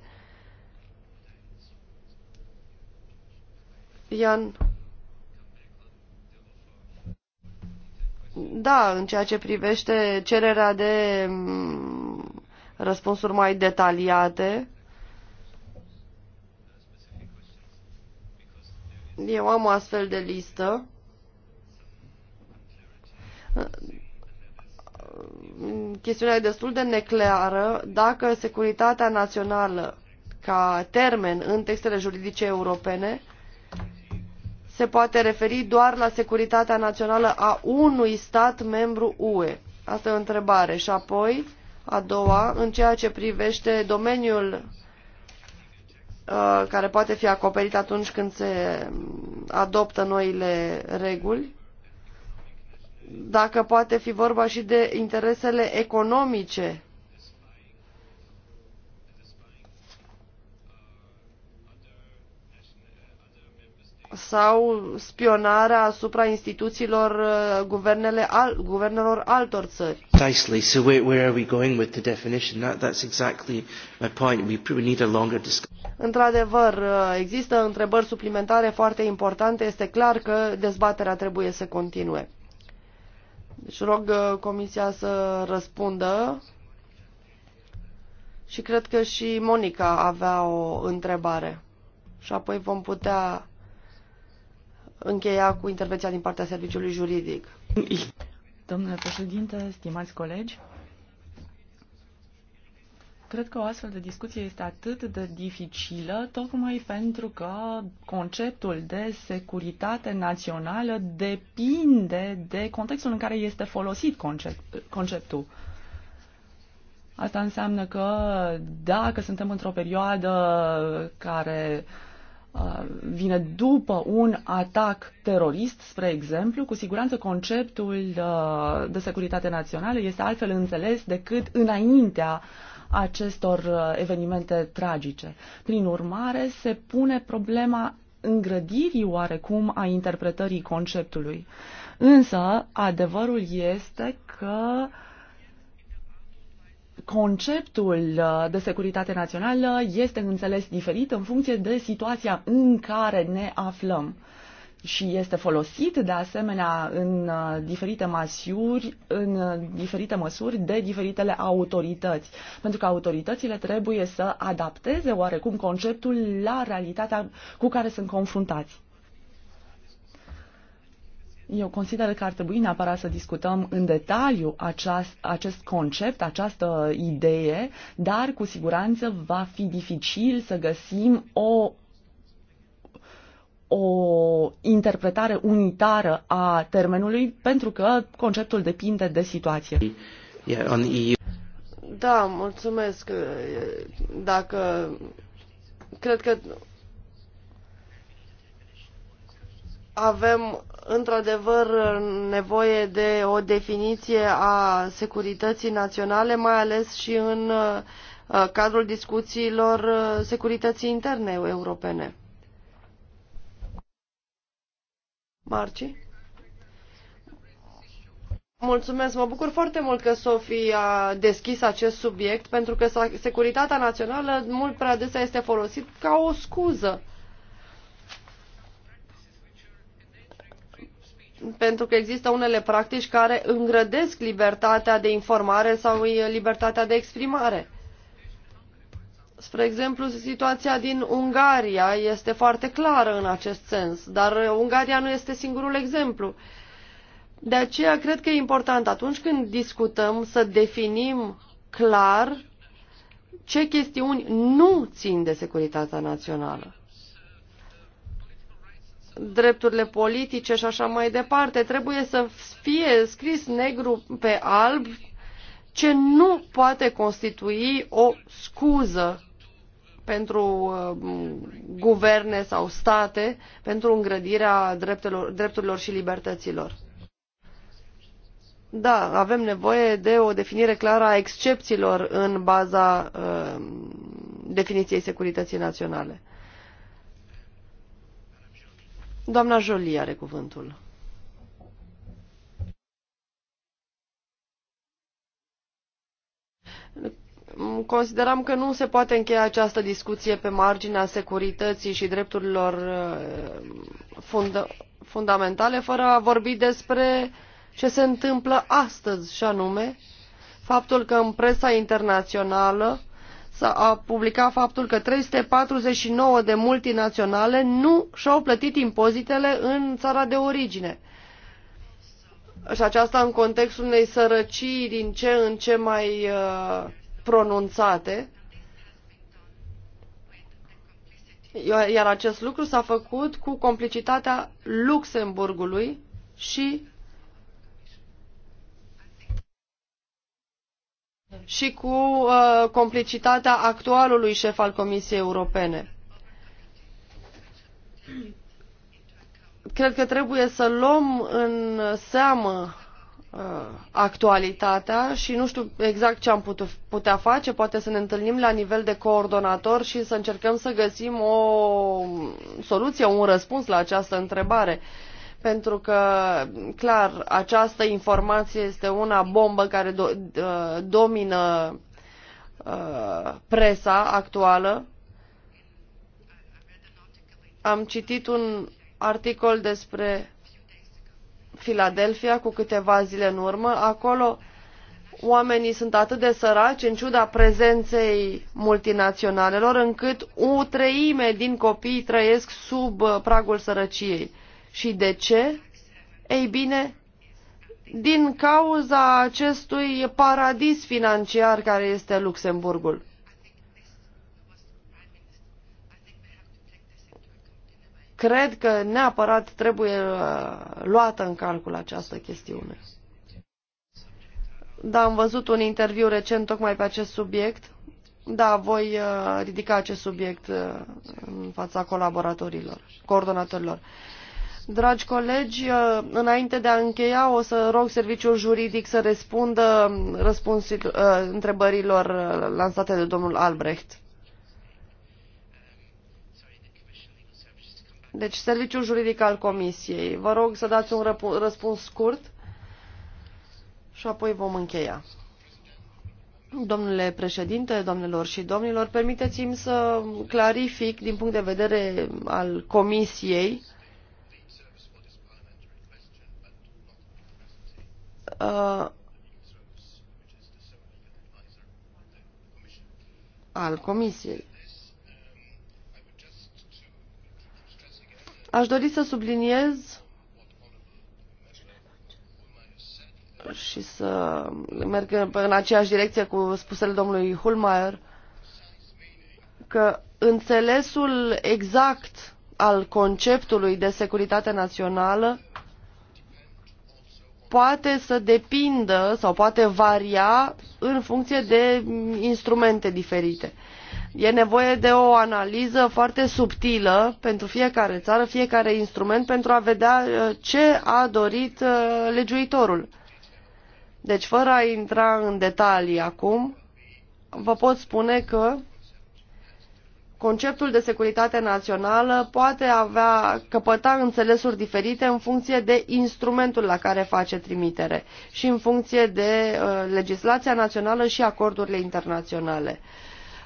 Ian. Da, în ceea ce privește cererea de mm, răspunsuri mai detaliate, Eu am o astfel de listă. Chestiunea e destul de neclară dacă securitatea națională ca termen în textele juridice europene se poate referi doar la securitatea națională a unui stat membru UE. Asta e o întrebare. Și apoi, a doua, în ceea ce privește domeniul Uh, care poate fi acoperit atunci când se adoptă noile reguli, dacă poate fi vorba și de interesele economice sau spionarea asupra instituțiilor uh, guvernele al, guvernelor altor țări. Precisely. So where, where are we going with the definition? That, that's exactly my point. We, we need a longer discussion. Într-adevăr, uh, există întrebări suplimentare foarte importante. Este clar că dezbaterea trebuie să continue. Deci rog uh, Comisia să răspundă. Și cred că și Monica avea o întrebare. Și apoi vom putea încheia cu intervenția din partea serviciului juridic. Domnule președinte, stimați colegi, cred că o astfel de discuție este atât de dificilă, tocmai pentru că conceptul de securitate națională depinde de contextul în care este folosit concept, conceptul. Asta înseamnă că dacă suntem într-o perioadă care uh, Uh, vine după un atac terorist, spre exemplu, cu siguranță conceptul uh, de securitate națională este altfel înțeles decât înaintea acestor uh, evenimente tragice. Prin urmare, se pune problema îngrădirii oarecum a interpretării conceptului. Însă, adevărul este că uh, conceptul uh, de securitate națională este înțeles diferit în funcție de situația în care ne aflăm și este folosit de asemenea în uh, diferite măsuri, în uh, diferite măsuri de diferitele autorități, pentru că autoritățile trebuie să adapteze oarecum conceptul la realitatea cu care sunt confruntați. Eu consider că ar trebui neapărat să discutăm în detaliu aceast, acest concept, această idee, dar cu siguranță va fi dificil să găsim o o interpretare unitară a termenului, pentru că conceptul depinde de situație. Da, mulțumesc. Dacă cred că avem într-adevăr nevoie de o definiție a securității naționale, mai ales și în uh, cadrul discuțiilor uh, securității interne europene. Marci? Mulțumesc, mă bucur foarte mult că Sofie a deschis acest subiect, pentru că securitatea națională mult prea adesea este folosită ca o scuză pentru că există unele practici care îngrădesc libertatea de informare sau libertatea de exprimare. Spre exemplu, situația din Ungaria este foarte clară în acest sens, dar uh, Ungaria nu este singurul exemplu. De aceea cred că e important atunci când discutăm să definim clar ce chestiuni nu țin de securitatea națională drepturile politice și așa mai departe. Trebuie să fie scris negru pe alb ce nu poate constitui o scuză pentru um, guverne sau state pentru îngrădirea dreptelor, drepturilor și libertăților. Da, avem nevoie de o definire clară a excepțiilor în baza uh, definiției securității naționale. Doamna Jolie are cuvântul. Consideram că nu se poate încheia această discuție pe marginea securității și drepturilor uh, fundamentale fără a vorbi despre ce se întâmplă astăzi, și anume faptul că în presa internațională s-a publicat faptul că 349 de multinaționale nu și-au plătit impozitele în țara de origine. Și aceasta în contextul unei sărăcii din ce în ce mai uh, pronunțate. Iar acest lucru s-a făcut cu complicitatea Luxemburgului și și cu uh, complicitatea actualului șef al Comisiei Europene. Cred că trebuie să luăm în seamă uh, actualitatea și nu știu exact ce am putut, putea face, poate să ne întâlnim la nivel de coordonator și să încercăm să găsim o soluție, un răspuns la această întrebare. Uh, pentru că, clar, această informație este una bombă care do, domină uh, presa actuală. Am citit un articol despre Filadelfia cu câteva zile în urmă. Acolo oamenii sunt atât de săraci, în ciuda prezenței multinaționalelor, încât o treime din copii trăiesc sub uh, pragul sărăciei și de ce? Ei bine, din cauza acestui paradis financiar care este Luxemburgul. Cred că neapărat trebuie uh, luată în calcul această chestiune. Da, am văzut un interviu recent tocmai pe acest subiect. Da, voi uh, ridica acest subiect uh, în fața colaboratorilor, coordonatorilor. Dragi colegi, uh, înainte de a încheia, o să rog serviciul juridic să răspundă uh, întrebărilor uh, lansate de domnul Albrecht. Deci, serviciul juridic al Comisiei. Vă rog să dați un răspuns scurt și apoi vom încheia. Domnule președinte, domnilor și domnilor, permiteți-mi să clarific din punct de vedere al Comisiei uh, al Comisiei. Aș dori să subliniez și să merg în aceeași direcție cu spusele domnului Hulmeier, că înțelesul exact al conceptului de securitate națională poate să depindă sau poate varia în funcție de instrumente diferite. E nevoie de o analiză foarte subtilă pentru fiecare țară, fiecare instrument, pentru a vedea uh, ce a dorit uh, legiuitorul. Deci, fără a intra în detalii acum, vă pot spune că conceptul de securitate națională poate avea căpăta înțelesuri diferite în funcție de instrumentul la care face trimitere și în funcție de uh, legislația națională și acordurile internaționale.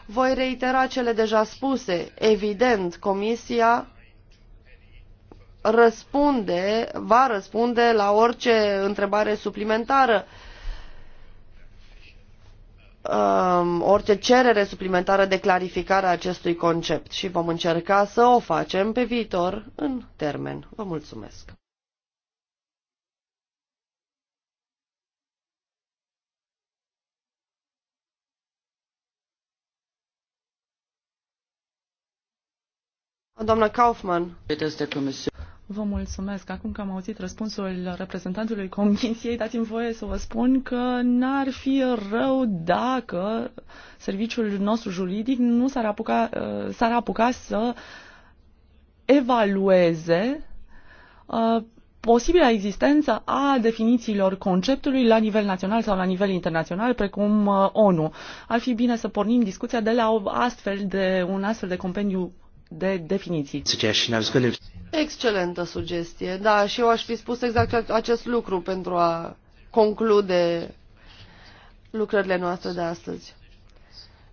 Voi reitera cele deja spuse. Evident, Comisia răspunde, va răspunde la orice întrebare suplimentară uh, Um, orice cerere suplimentară de clarificare a acestui concept și vom încerca să o facem pe viitor în termen. Vă mulțumesc! Doamna Kaufmann, Vă mulțumesc. Acum că am auzit răspunsul reprezentantului Comisiei, dați-mi voie să vă spun că n-ar fi rău dacă serviciul nostru juridic nu s-ar apuca, uh, s-ar apuca să evalueze uh, posibila existență a definițiilor conceptului la nivel național sau la nivel internațional, precum uh, ONU. Ar fi bine să pornim discuția de la astfel de, un astfel de compendiu de definiții. Excelentă sugestie. Da, și eu aș fi spus exact acest lucru pentru a conclude lucrările noastre de astăzi.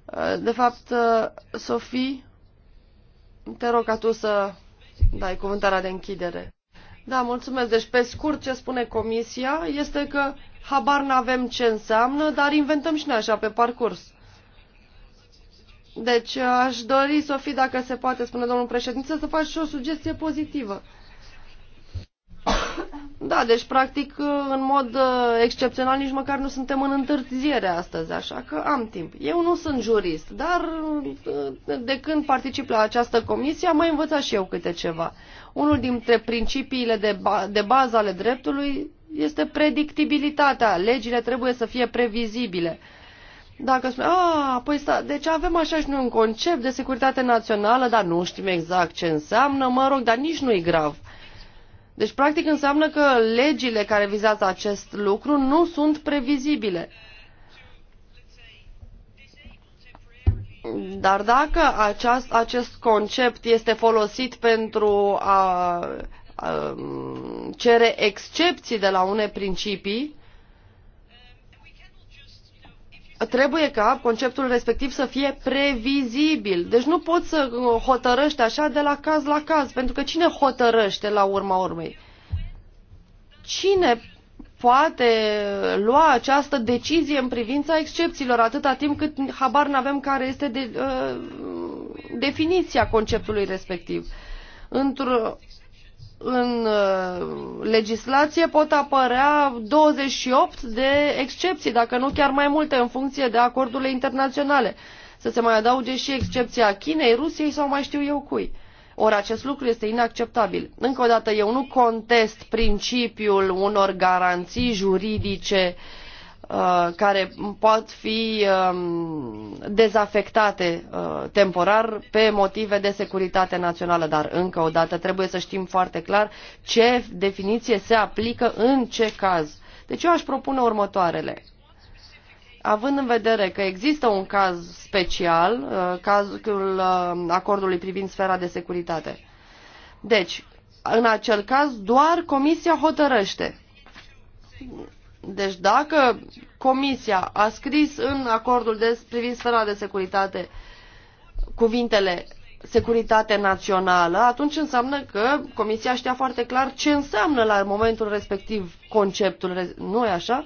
Uh, de fapt, uh, Sofie, te rog ca tu să dai comentarea de închidere. Da, mulțumesc. Deci, pe scurt, ce spune Comisia este că habar n-avem ce înseamnă, dar inventăm și noi așa pe parcurs. Deci aș dori, Sofie, dacă se poate, spune domnul președinte, să faci și o sugestie pozitivă. Da, deci practic în mod uh, excepțional nici măcar nu suntem în întârziere astăzi, așa că am timp. Eu nu sunt jurist, dar uh, de când particip la această comisie am mai învățat și eu câte ceva. Unul dintre principiile de, ba- de bază ale dreptului este predictibilitatea. Legile trebuie să fie previzibile. Dacă spune, a, păi sta, deci avem așa și noi un concept de securitate națională, dar nu știm exact ce înseamnă, mă rog, dar nici nu-i grav. Deci, practic, înseamnă că legile care vizează acest lucru nu sunt previzibile. Dar dacă aceast, acest concept este folosit pentru a, a cere excepții de la unei principii, trebuie ca conceptul respectiv să fie previzibil. Deci nu poți să uh, hotărăști așa de la caz la caz, pentru că cine hotărăște la urma urmei? Cine poate lua această decizie în privința excepțiilor, atâta timp cât habar n-avem care este de, uh, definiția conceptului respectiv. Într-o în uh, legislație pot apărea 28 de excepții, dacă nu chiar mai multe, în funcție de acordurile internaționale. Să se mai adauge și excepția Chinei, Rusiei sau mai știu eu cui. Ori acest lucru este inacceptabil. Încă o dată, eu nu contest principiul unor garanții juridice uh, Uh, care pot fi um, dezafectate uh, temporar pe motive de securitate națională. Dar, încă o dată, trebuie să știm foarte clar ce definiție se aplică în ce caz. Deci eu aș propune următoarele. Având în vedere că există un caz special, uh, cazul acordului privind sfera de securitate. Deci, în acel caz, doar Comisia hotărăște deci dacă Comisia a scris în acordul de, privind sfera de securitate cuvintele securitate națională, atunci înseamnă că Comisia știa foarte clar ce înseamnă la momentul respectiv conceptul, nu e așa?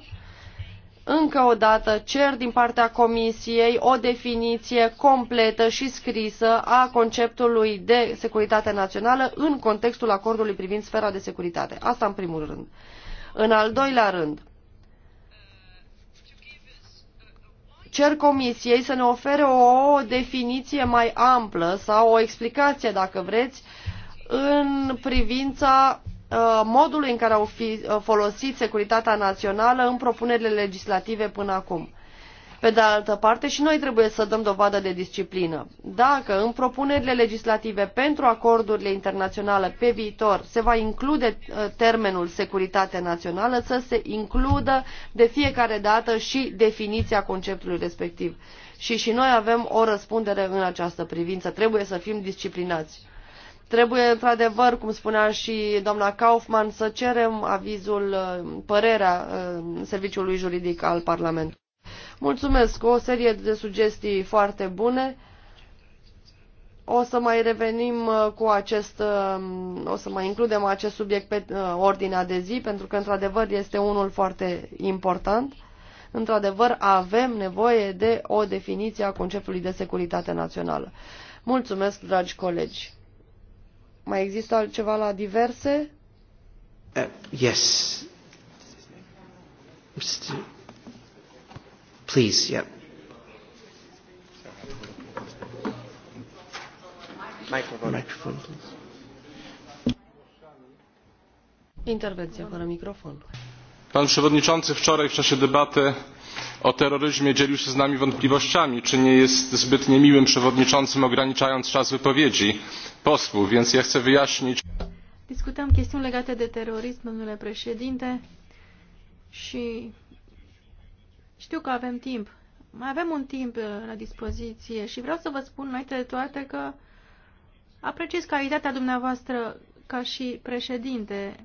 Încă o dată cer din partea Comisiei o definiție completă și scrisă a conceptului de securitate națională în contextul acordului privind sfera de securitate. Asta în primul rând. În al doilea rând, Cer comisiei să ne ofere o definiție mai amplă sau o explicație, dacă vreți, în privința uh, modului în care au fi uh, folosit securitatea națională în propunerile legislative până acum. Pe de altă parte, și noi trebuie să dăm dovadă de disciplină. Dacă în propunerile legislative pentru acordurile internaționale pe viitor se va include uh, termenul securitate națională, să se includă de fiecare dată și definiția conceptului respectiv. Și și noi avem o răspundere în această privință. Trebuie să fim disciplinați. Trebuie, într-adevăr, cum spunea și doamna Kaufman, să cerem avizul, uh, părerea uh, Serviciului Juridic al Parlamentului. Mulțumesc, o serie de sugestii foarte bune. O să mai revenim uh, cu acest, uh, o să mai includem acest subiect pe uh, ordinea de zi, pentru că într-adevăr este unul foarte important. Într-adevăr, avem nevoie de o definiție a conceptului de securitate națională. Mulțumesc, dragi colegi. Mai există altceva la diverse? Uh, yes. Mr. Please, yep. Microphone. Microphone, please. Interwencja pana mikrofonu. Pan przewodniczący wczoraj w czasie debaty o terroryzmie dzielił się z nami wątpliwościami czy nie jest zbyt niemiłym przewodniczącym ograniczając czas wypowiedzi posłów więc ja chcę wyjaśnić. Dyskutam chestiuni legate de terroryzm, domnule președinte, și știu că avem timp. Mai avem un timp uh, la dispoziție și vreau să vă spun înainte de toate că apreciez calitatea dumneavoastră ca și președinte.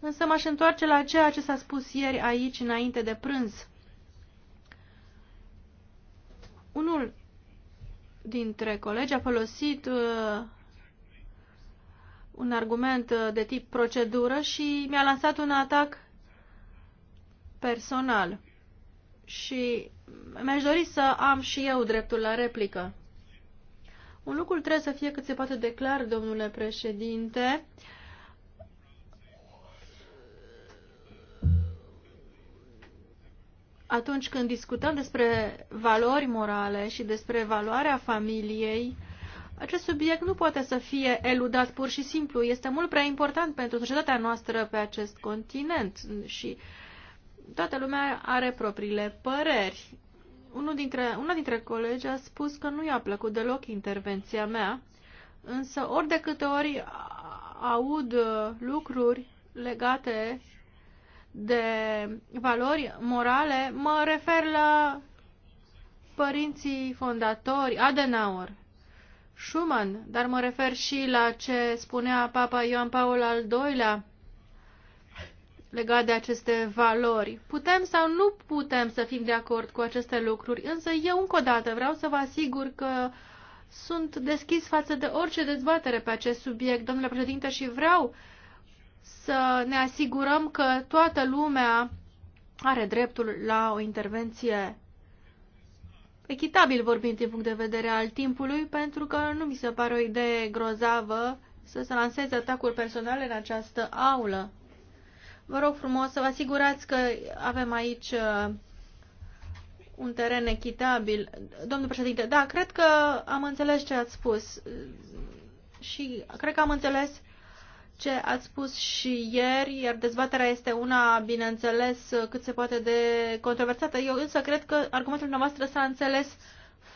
Însă m-aș întoarce la ceea ce s-a spus ieri aici înainte de prânz. Unul dintre colegi a folosit uh, un argument uh, de tip procedură și mi-a lansat un atac personal și mi-aș dori să am și eu dreptul la replică. Un lucru trebuie să fie cât se poate de clar, domnule președinte. Atunci când discutăm despre valori morale și despre valoarea familiei, acest subiect nu poate să fie eludat pur și simplu. Este mult prea important pentru societatea noastră pe acest continent și uh, toată lumea are propriile păreri. Unul dintre, una dintre colegi a spus că nu i-a plăcut deloc intervenția mea, însă ori de câte ori aud uh, lucruri legate de valori morale, mă refer la părinții fondatori, Adenauer, Schumann, dar mă refer și la ce spunea Papa Ioan Paul al II-lea, legat de aceste valori. Putem sau nu putem să fim de acord cu aceste lucruri, însă eu încă o dată vreau să vă asigur că sunt deschis față de orice dezbatere pe acest subiect, domnule președinte, și vreau să ne asigurăm că toată lumea are dreptul la o intervenție echitabil vorbind din punct de vedere al timpului, pentru că nu mi se pare o idee grozavă să se lanseze atacuri personale în această aulă. Vă rog frumos să vă asigurați că avem aici uh, un teren echitabil. Domnul președinte, da, cred că am înțeles ce ați spus și cred că am înțeles ce ați spus și ieri, iar dezbaterea este una, bineînțeles, cât se poate de controversată. Eu însă cred că argumentul noastră s-a înțeles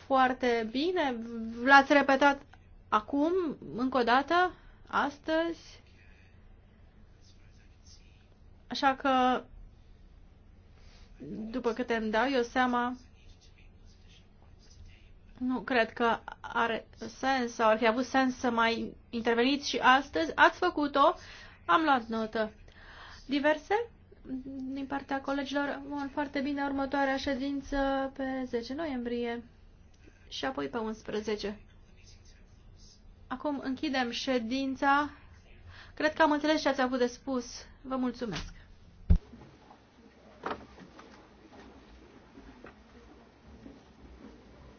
foarte bine. L-ați repetat acum, încă o dată, astăzi, Așa că, după câte îmi dau eu seama, nu cred că are sens sau ar fi avut sens să mai interveniți și astăzi. Ați făcut-o, am luat notă. Diverse? Din partea colegilor, bun, foarte bine, următoarea ședință pe 10 noiembrie și apoi pe 11. Acum închidem ședința. Cred că am înțeles ce ați avut de spus. Vă mulțumesc!